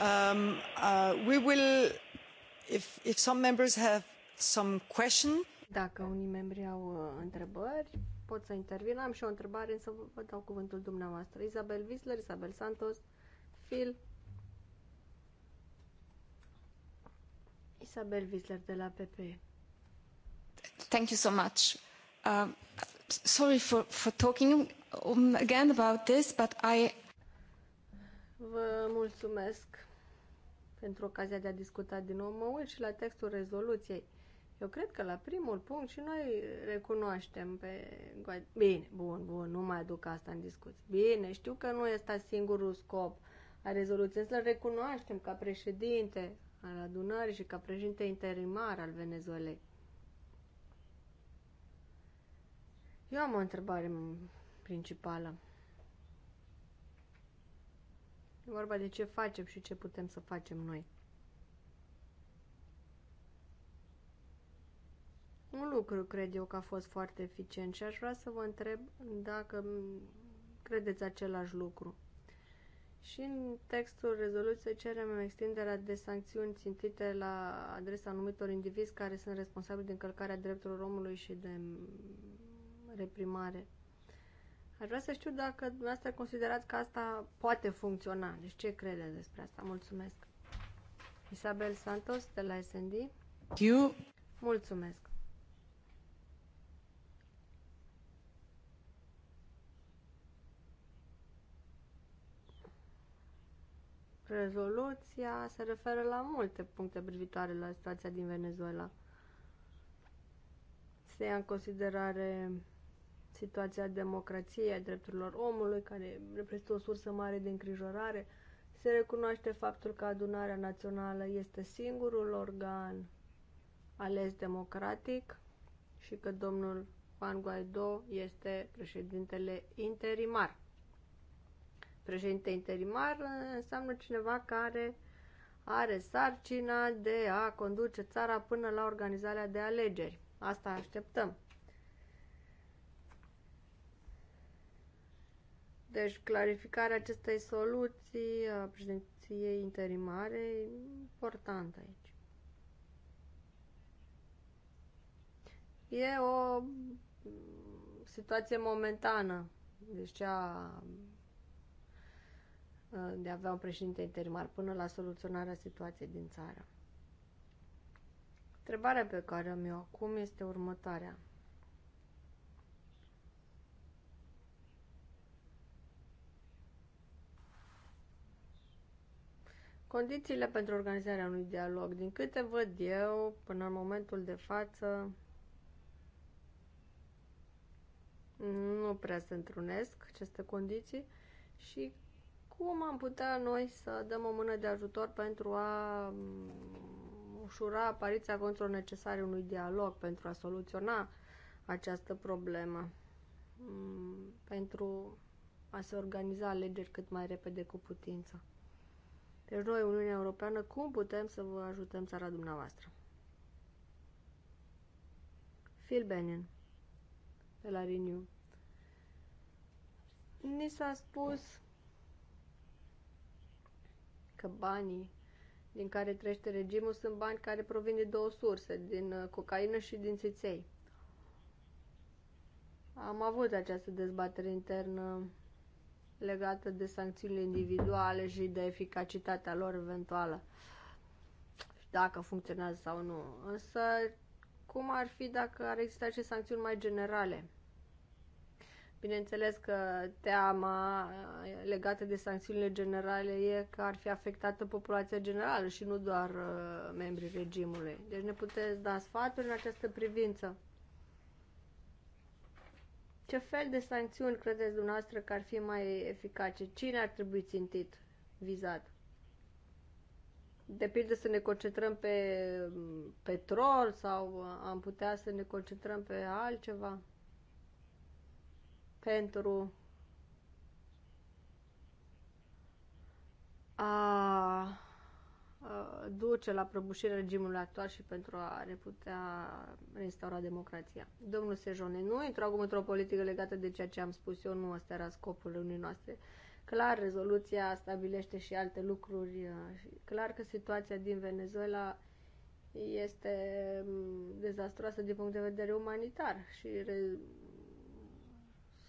Um, uh, we will, if, if some members have some question. Dacă unii membri au uh, întrebări, pot să intervin. Am și o întrebare, însă vă dau cuvântul dumneavoastră. Isabel Wisler, Isabel Santos, Phil. Isabel Wisler de la PP. Thank you so much. Uh, sorry for, for talking um, again about this, but I Vă mulțumesc pentru ocazia de a discuta din nou. Mă uit și la textul rezoluției. Eu cred că la primul punct și noi recunoaștem pe... Bine, bun, bun, nu mai aduc asta în discuție. Bine, știu că nu este singurul scop a rezoluției, să recunoaștem ca președinte al adunării și ca președinte interimar al Venezuelei. Eu am o întrebare principală. E vorba de ce facem și ce putem să facem noi. Un lucru cred eu că a fost foarte eficient și aș vrea să vă întreb dacă credeți același lucru. Și în textul rezoluției cerem extinderea de sancțiuni țintite la adresa anumitor indivizi care sunt responsabili de încălcarea drepturilor omului și de reprimare. Aș vrea să știu dacă dumneavoastră considerați că asta poate funcționa. Deci ce credeți despre asta? Mulțumesc. Isabel Santos de la SND. You. Mulțumesc. Rezoluția se referă la multe puncte privitoare la situația din Venezuela. Se ia în considerare situația democrației, a drepturilor omului, care reprezintă o sursă mare de îngrijorare. Se recunoaște faptul că adunarea națională este singurul organ ales democratic și că domnul Juan Guaido este președintele interimar. Președinte interimar înseamnă cineva care are sarcina de a conduce țara până la organizarea de alegeri. Asta așteptăm. Deci clarificarea acestei soluții a președinției interimare e importantă aici. E o situație momentană, deci cea de a avea un președinte interimar până la soluționarea situației din țară. Întrebarea pe care am eu acum este următoarea. Condițiile pentru organizarea unui dialog, din câte văd eu, până în momentul de față, nu prea se întrunesc aceste condiții și cum am putea noi să dăm o mână de ajutor pentru a ușura apariția control necesare unui dialog, pentru a soluționa această problemă, pentru a se organiza alegeri cât mai repede cu putință. Deci noi, Uniunea Europeană, cum putem să vă ajutăm țara dumneavoastră? Phil Benin, de la Renew. Ni s-a spus că banii din care trește regimul sunt bani care provin de două surse, din uh, cocaină și din țiței. Am avut această dezbatere internă legată de sancțiunile individuale și de eficacitatea lor eventuală dacă funcționează sau nu. Însă, cum ar fi dacă ar exista și sancțiuni mai generale? Bineînțeles că teama uh, legată de sancțiunile generale e că ar fi afectată populația generală și nu doar uh, membrii regimului. Deci ne puteți da sfaturi în această privință. Ce fel de sancțiuni credeți dumneavoastră că ar fi mai eficace? Cine ar trebui țintit, vizat? De pildă să ne concentrăm pe petrol sau am putea să ne concentrăm pe altceva? Pentru a Uh, duce la prăbușirea regimului actual și pentru a ne putea reinstaura democrația. Domnul Sejone, nu intru acum într-o politică legată de ceea ce am spus eu, nu ăsta era scopul unii noastre. Clar, rezoluția stabilește și alte lucruri. Uh, clar că situația din Venezuela este mm, dezastroasă din punct de vedere umanitar și re-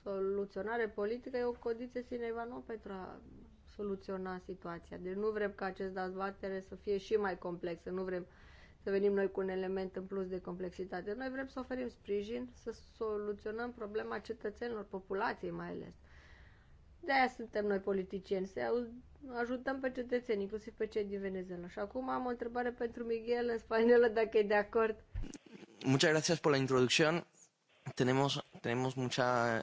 soluționare politică e o condiție sine qua non pentru a soluționa situația. Deci nu vrem ca acest dezbatere să fie și mai complexă, nu vrem să venim noi cu un element în plus de complexitate. Noi vrem să oferim sprijin, să soluționăm problema cetățenilor, populației mai ales. De aia suntem noi politicieni, să ajutăm pe cetățeni, inclusiv pe cei din Venezuela. Și acum am o întrebare pentru Miguel în spaniolă, dacă e de acord. Muchas gracias por la introducción. Tenemos, tenemos mucha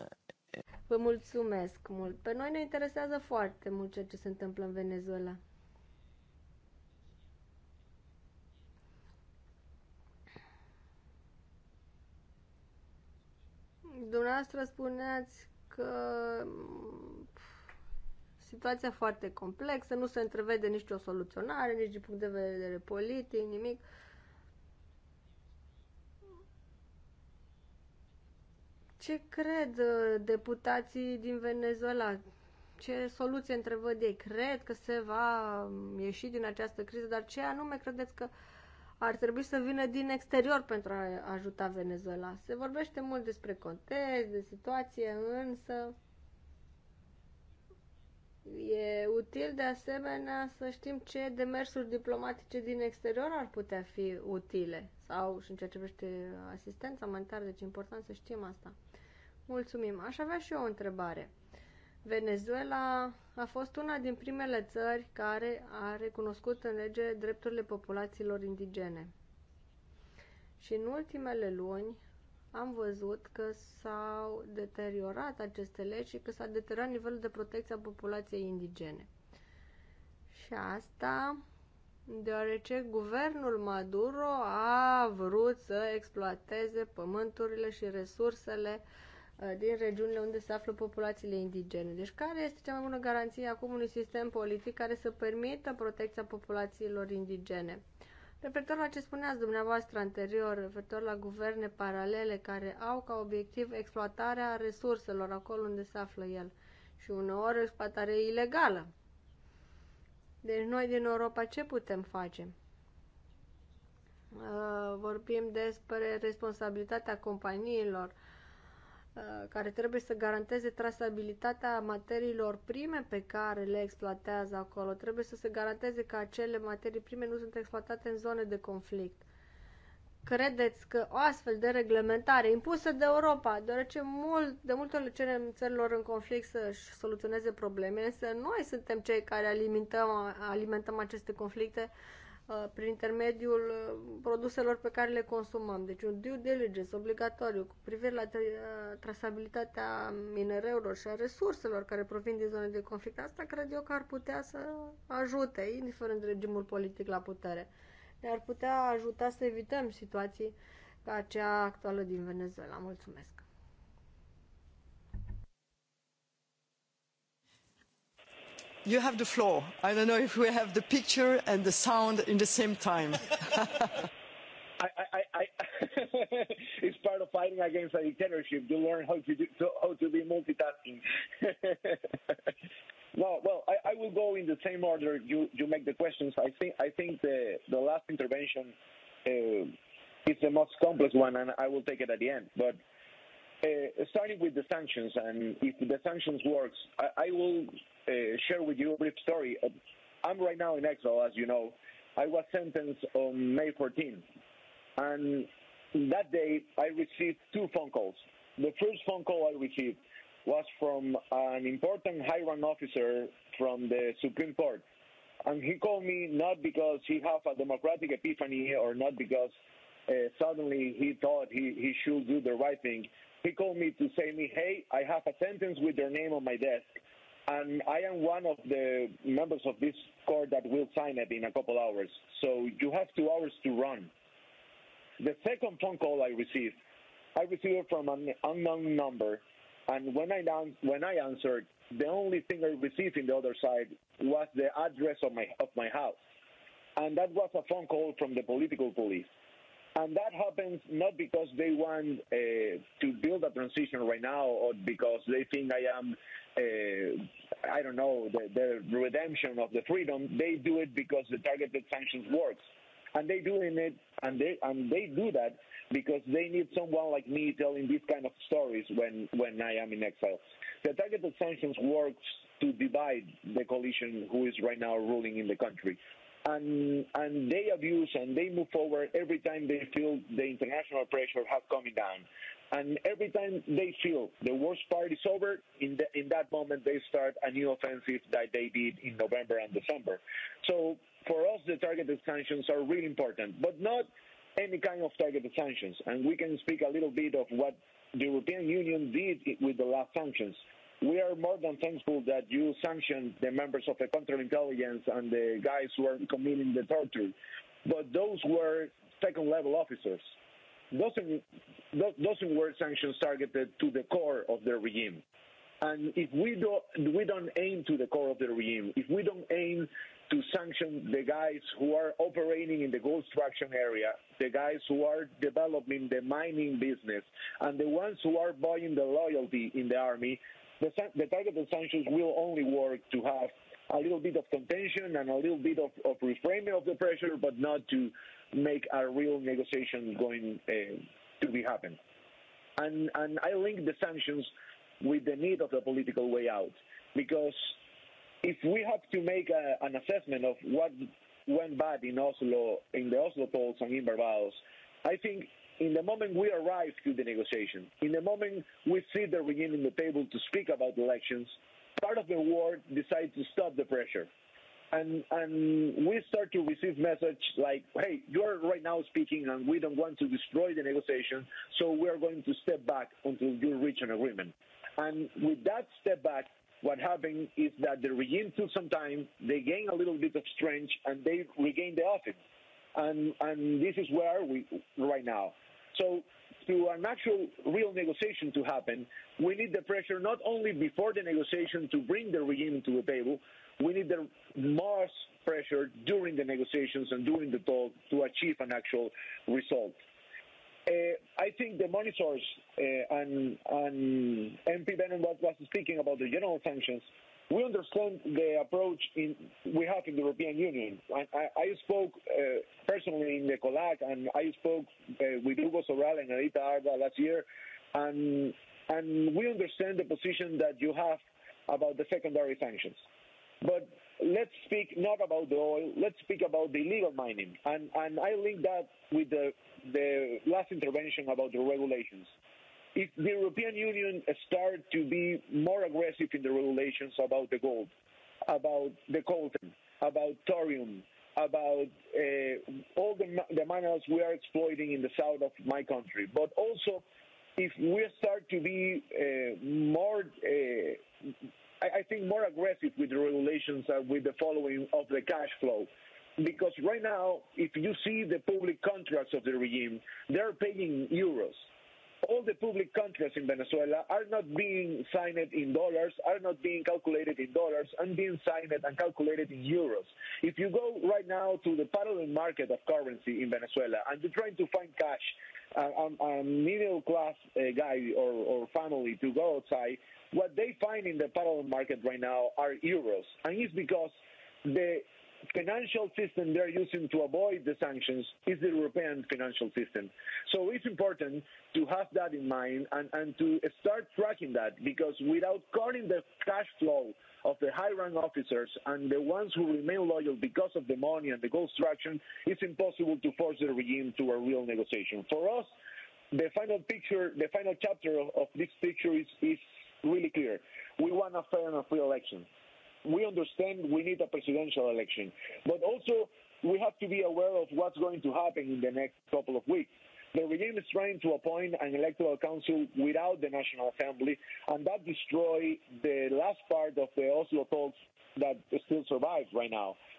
Vă mulțumesc mult. Pe noi ne interesează foarte mult ceea ce se întâmplă în Venezuela. Dumneavoastră spuneați că situația foarte complexă, nu se întrevede nicio soluționare, nici din punct de vedere politic, nimic. Uh, Ce cred uh, deputații din Venezuela? Ce soluție întrebăd ei? Cred că se va um, ieși din această criză, dar ce anume credeți că ar trebui să vină din exterior pentru a ajuta Venezuela? Se vorbește mult despre context, de situație, însă E util de asemenea să știm ce demersuri diplomatice din exterior ar putea fi utile sau și în ceea ce privește asistența umanitară, deci e important să știm asta. Mulțumim. Aș avea și eu o întrebare. Venezuela a fost una din primele țări care a recunoscut în lege drepturile populațiilor indigene. Și în ultimele luni am văzut că s-au deteriorat aceste legi și că s-a deteriorat nivelul de protecție a populației indigene. Și asta deoarece guvernul Maduro a vrut să exploateze pământurile și resursele uh, Uh, din regiunile unde se află populațiile indigene. Deci care este cea mai bună garanție acum unui sistem politic care să permită protecția populațiilor indigene? Referitor la ce spuneați dumneavoastră anterior, referitor la guverne paralele care au ca obiectiv exploatarea resurselor acolo unde se află el și uneori exploatare ilegală. Deci noi din Europa ce putem face? Uh, vorbim despre responsabilitatea companiilor, Uh, care trebuie să garanteze trasabilitatea materiilor prime pe care le exploatează acolo. Trebuie să se garanteze că acele materii prime nu sunt exploatate în zone de conflict. Credeți că o astfel de reglementare impusă de Europa, deoarece mult, de multe ori cerem țărilor în conflict să-și soluționeze probleme, însă noi suntem cei care alimentăm, alimentăm aceste conflicte, uh, Uh, prin intermediul uh, produselor pe care le consumăm. Deci un due diligence obligatoriu cu privire la uh, trasabilitatea minereurilor și a resurselor care provin din zone de conflict, asta cred eu că ar putea să ajute, indiferent de regimul politic la putere. Ne-ar putea ajuta să evităm situații ca cea actuală din Venezuela. Mulțumesc! you have the floor. I don't know if we have the picture and the sound in the same time. I, I, I, it's part of fighting against a dictatorship. You learn how to do, to, how to be multitasking. no, well, I, I will go in the same order you, you make the questions. I think I think the the last intervention uh, is the most complex one, and I will take it at the end. But Uh, starting with the sanctions, and if the sanctions works, I, I will uh, share with you a brief story. Uh, I'm right now in exile, as you know. I was sentenced on May 14 and that day I received two phone calls. The first phone call I received was from an important high rank officer from the Supreme Court. And he called me not because he had a democratic epiphany or not because uh, suddenly he thought he, he should do the right thing, He called me to say me, hey, I have a sentence with your name on my desk, and I am one of the members of this court that will sign it in a couple hours. So you have two hours to run. The second phone call I received, I received it from an unknown number, and when I when I answered, the only thing I received in the other side was the address of my of my house, and that was a phone call from the political police. And that happens not because they want uh, to build a transition right now or because they think I am, uh, I don't know, the, the redemption of the freedom. They do it because the targeted sanctions works. And they do in it, and they and they do that because they need someone like me telling these kind of stories when when I am in exile. The targeted sanctions works to divide the coalition who is right now ruling in the country and and they abuse and they move forward every time they feel the international pressure has coming down, and every time they feel the worst part is over, in the, in that moment they start a new offensive that they did in November and December. So for us, the target sanctions are really important, but not any kind of target sanctions. And we can speak a little bit of what the European Union did with the last sanctions we are more than thankful that you sanctioned the members of the counterintelligence and the guys who are committing the torture. But those were second level officers. those, those were sanctions targeted to the core of the regime. And if we don't, we don't aim to the core of the regime, if we don't aim to sanction the guys who are operating in the gold extraction area, the guys who are developing the mining business, and the ones who are buying the loyalty in the army, the, the of sanctions will only work to have a little bit of contention and a little bit of, of reframing of the pressure, but not to make a real negotiation going uh, to be happen. And, and I link the sanctions with the need of a political way out, because if we have to make a, an assessment of what went bad in Oslo, in the Oslo talks and in Barbados, I think In the moment we arrive to the negotiation, in the moment we see the regime in the table to speak about elections, part of the world decides to stop the pressure. And, and we start to receive message like, hey, you're right now speaking and we don't want to destroy the negotiation, so we're going to step back until you reach an agreement. And with that step back, what happened is that the regime took some time, they gained a little bit of strength, and they regained the office and and this is where we right now. So to an actual real negotiation to happen, we need the pressure not only before the negotiation to bring the regime to the table, we need the most pressure during the negotiations and during the talk to achieve an actual result. Uh, I think the monitors uh, and, and MP Bennett was speaking about the general sanctions We understand the approach in, we have in the European Union. I, I, I spoke uh, personally in the COLAC, and I spoke uh, with Hugo Soral and Anita Arda last year, and and we understand the position that you have about the secondary sanctions. But let's speak not about the oil. Let's speak about the illegal mining, and and I link that with the the last intervention about the regulations if the European Union start to be more aggressive in the regulations about the gold, about the coltan, about thorium, about uh, all the, the minerals we are exploiting in the south of my country, but also if we start to be uh, more, uh, I, I think, more aggressive with the regulations and with the following of the cash flow. Because right now, if you see the public contracts of the regime, they're paying euros all the public contracts in Venezuela are not being signed in dollars, are not being calculated in dollars, and being signed and calculated in euros. If you go right now to the parallel market of currency in Venezuela and you're trying to find cash, a, uh, um, a middle class uh, guy or, or family to go outside, what they find in the parallel market right now are euros. And it's because the financial system they're using to avoid the sanctions is the European financial system. So it's important to have that in mind and, and to start tracking that because without cutting the cash flow of the high rank officers and the ones who remain loyal because of the money and the gold structure, it's impossible to force the regime to a real negotiation. For us, the final picture, the final chapter of, of this picture is, is really clear. We want a fair and free election we understand we need a presidential election, but also we have to be aware of what's going to happen in the next couple of weeks. The regime is trying to appoint an electoral council without the National Assembly, and that destroy the last part of the Oslo talks that still survives right now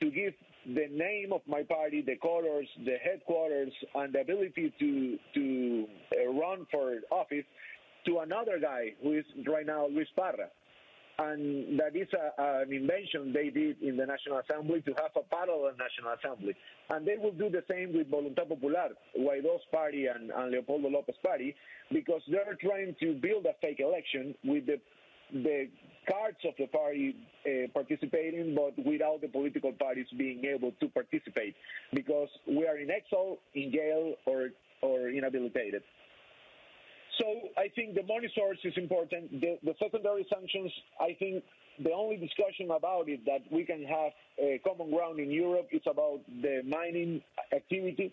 to give the name of my party, the colors, the headquarters, and the ability to to uh, run for office to another guy who is right now Luis Parra. And that is a, an invention they did in the National Assembly to have a parallel National Assembly. And they will do the same with Voluntad Popular, Guaidó's party and, and Leopoldo López party, because they're trying to build a fake election with the the cards of the party uh, participating, but without the political parties being able to participate, because we are in exile, in jail, or or inhabilitated. So I think the money source is important. The, the secondary sanctions, I think the only discussion about it that we can have a eh, common ground in Europe is about the mining activity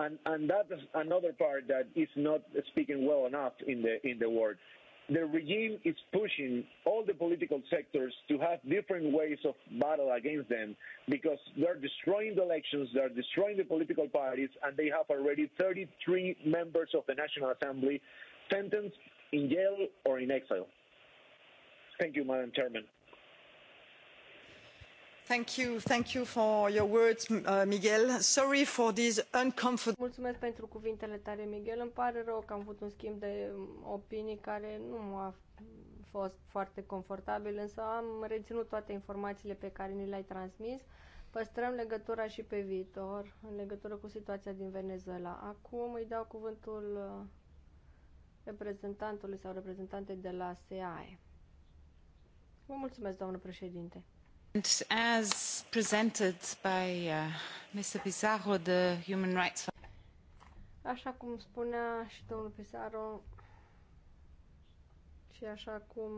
and and that's another part that is not speaking well enough in the in the world. The regime is pushing all the political sectors to have different ways of battle against them because they're destroying the elections, they're destroying the political parties, and they have already 33 members of the National Assembly sentenced in jail or in exile. Thank you, Madam Chairman. Mulțumesc pentru cuvintele tale, Miguel. Îmi pare rău că am avut un schimb de um, opinii care nu a fost foarte confortabil, însă am reținut toate informațiile pe care ni le-ai transmis. Păstrăm legătura și pe viitor, în legătură cu situația din Venezuela. Acum îi dau cuvântul uh, reprezentantului sau reprezentante de la SEAE. Vă mulțumesc, doamnă președinte. As presented by uh, Mr. Pizarro, the human rights... Așa cum spunea și domnul Pizarro, și așa cum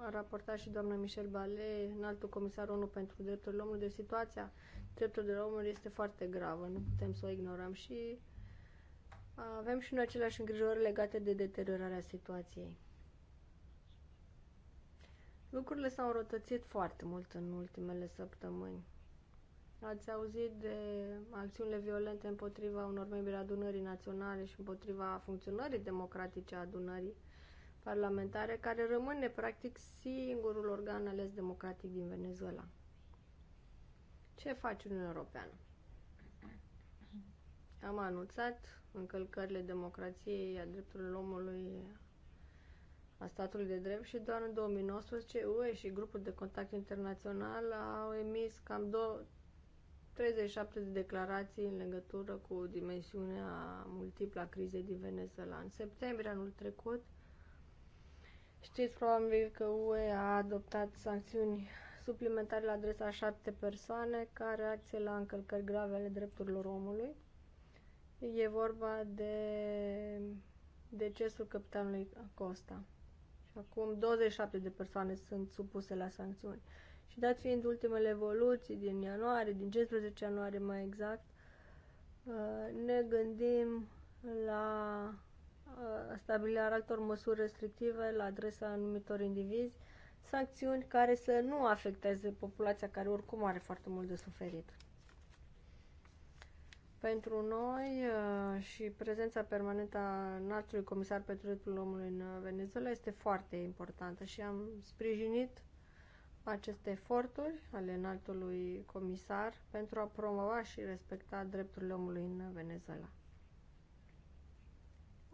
a raportat și doamna Michel Bale, înaltul comisar ONU pentru drepturile omului, de situația drepturilor omului este foarte gravă, nu putem să o ignorăm și avem și noi aceleași îngrijorări legate de deteriorarea situației. Lucrurile s-au rătățit foarte mult în ultimele săptămâni. Ați auzit de acțiunile violente împotriva unor membri adunării naționale și împotriva funcționării democratice a adunării parlamentare, care rămâne practic singurul organ ales democratic din Venezuela. Ce face Uniunea Europeană? Am anunțat încălcările democrației, a drepturilor omului, a statului de drept și doar în 2019 UE și grupul de contact internațional au emis cam 37 de declarații în legătură cu dimensiunea multiplă crizei din Venezuela. În septembrie anul trecut, știți probabil că UE a adoptat sancțiuni suplimentare la adresa șapte persoane ca reacție la încălcări grave ale drepturilor omului. E vorba de decesul capitanului Costa. Acum 27 de persoane sunt supuse la sancțiuni. Și dat fiind ultimele evoluții din ianuarie, din 15 ianuarie mai exact, uh, ne gândim la uh, stabilirea altor măsuri restrictive la adresa anumitor indivizi, sancțiuni care să nu afecteze populația care oricum are foarte mult de suferit. Pentru noi uh, și prezența permanentă a înaltului comisar pentru dreptul omului în uh, Venezuela este foarte importantă și am sprijinit aceste eforturi ale înaltului comisar pentru a promova și respecta drepturile omului în Venezuela.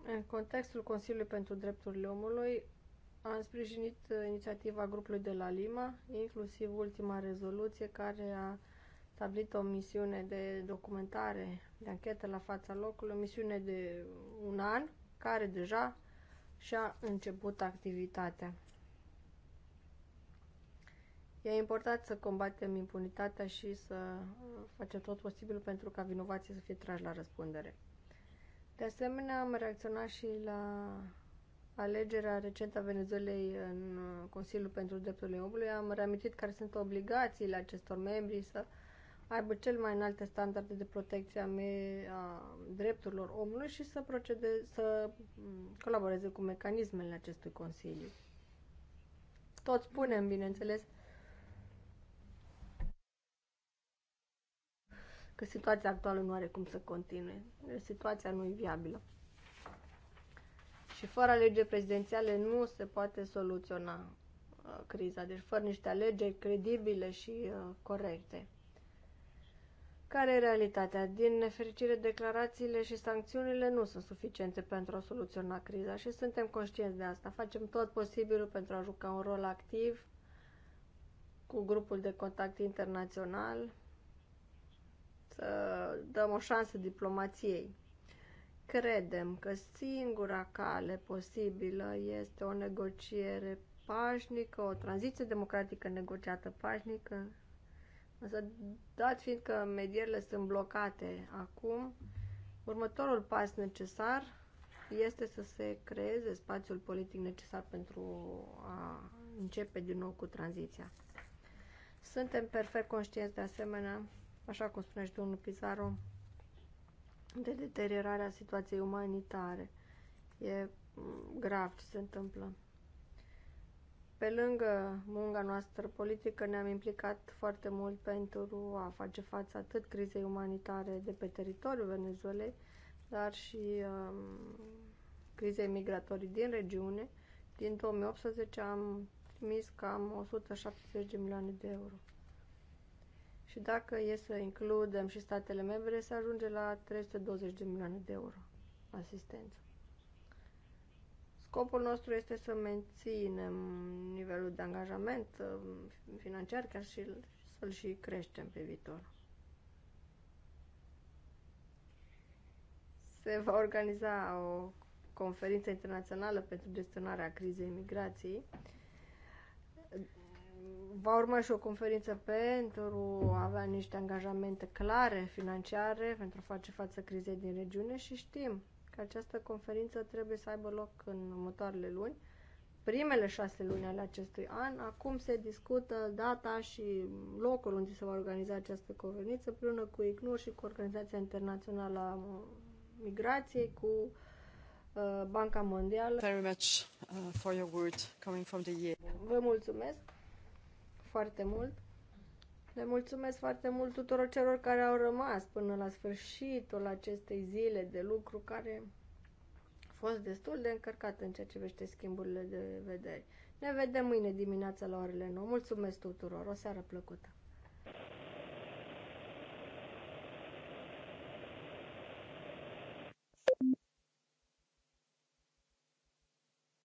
În contextul Consiliului pentru Drepturile Omului, am sprijinit uh, inițiativa grupului de la Lima, inclusiv ultima rezoluție care a stabilit o misiune de documentare, de anchetă la fața locului, o misiune de un an, care deja și-a început activitatea. E important să combatem impunitatea și să uh, facem tot posibilul pentru ca vinovații să fie trași la răspundere. De asemenea, am reacționat și la alegerea recentă a Venezuelei în uh, Consiliul pentru Drepturile Omului. Am reamintit care sunt obligațiile acestor membri să aibă cel mai înalte standarde de protecție a, me- a drepturilor omului și să procede, să mm, colaboreze cu mecanismele acestui Consiliu. Tot spunem, bineînțeles, că situația actuală nu are cum să continue. Deci situația nu e viabilă. Și fără lege prezidențiale nu se poate soluționa uh, criza, deci fără niște alegeri credibile și uh, corecte. Care e realitatea? Din nefericire, declarațiile și sancțiunile nu sunt suficiente pentru a soluționa criza și suntem conștienți de asta. Facem tot posibilul pentru a juca un rol activ cu grupul de contact internațional, să dăm o șansă diplomației. Credem că singura cale posibilă este o negociere pașnică, o tranziție democratică negociată pașnică Însă, dat că medierile sunt blocate acum, următorul pas necesar este să se creeze spațiul politic necesar pentru a începe din nou cu tranziția. Suntem perfect conștienți de asemenea, așa cum spune și domnul Pizarro, de deteriorarea situației umanitare. E mm, grav ce se întâmplă. Pe lângă munga noastră politică ne-am implicat foarte mult pentru a face față atât crizei umanitare de pe teritoriul Venezuelei, dar și um, crizei migratorii din regiune. Din 2018 am trimis cam 170 de milioane de euro. Și dacă e să includem și statele membre, se ajunge la 320 de milioane de euro asistență. Scopul nostru este să menținem nivelul de angajament uh, financiar, chiar și să-l și creștem pe viitor. Se va organiza o conferință internațională pentru gestionarea crizei migrației. Va urma și o conferință pentru a avea niște angajamente clare financiare pentru a face față crizei din regiune și știm că această conferință trebuie să aibă loc în următoarele luni, primele șase luni ale acestui an. Acum se discută data și locul unde se va organiza această conferință, împreună cu ICNUR și cu Organizația Internațională a Migrației, cu uh, Banca Mondială. Very much uh, for your word coming from the year. Vă mulțumesc foarte mult le mulțumesc foarte mult tuturor celor care au rămas până la sfârșitul acestei zile de lucru care a fost destul de încărcat în ceea ce vește schimburile de vederi. Ne vedem mâine dimineața la orele 9. Mulțumesc tuturor, o seară plăcută!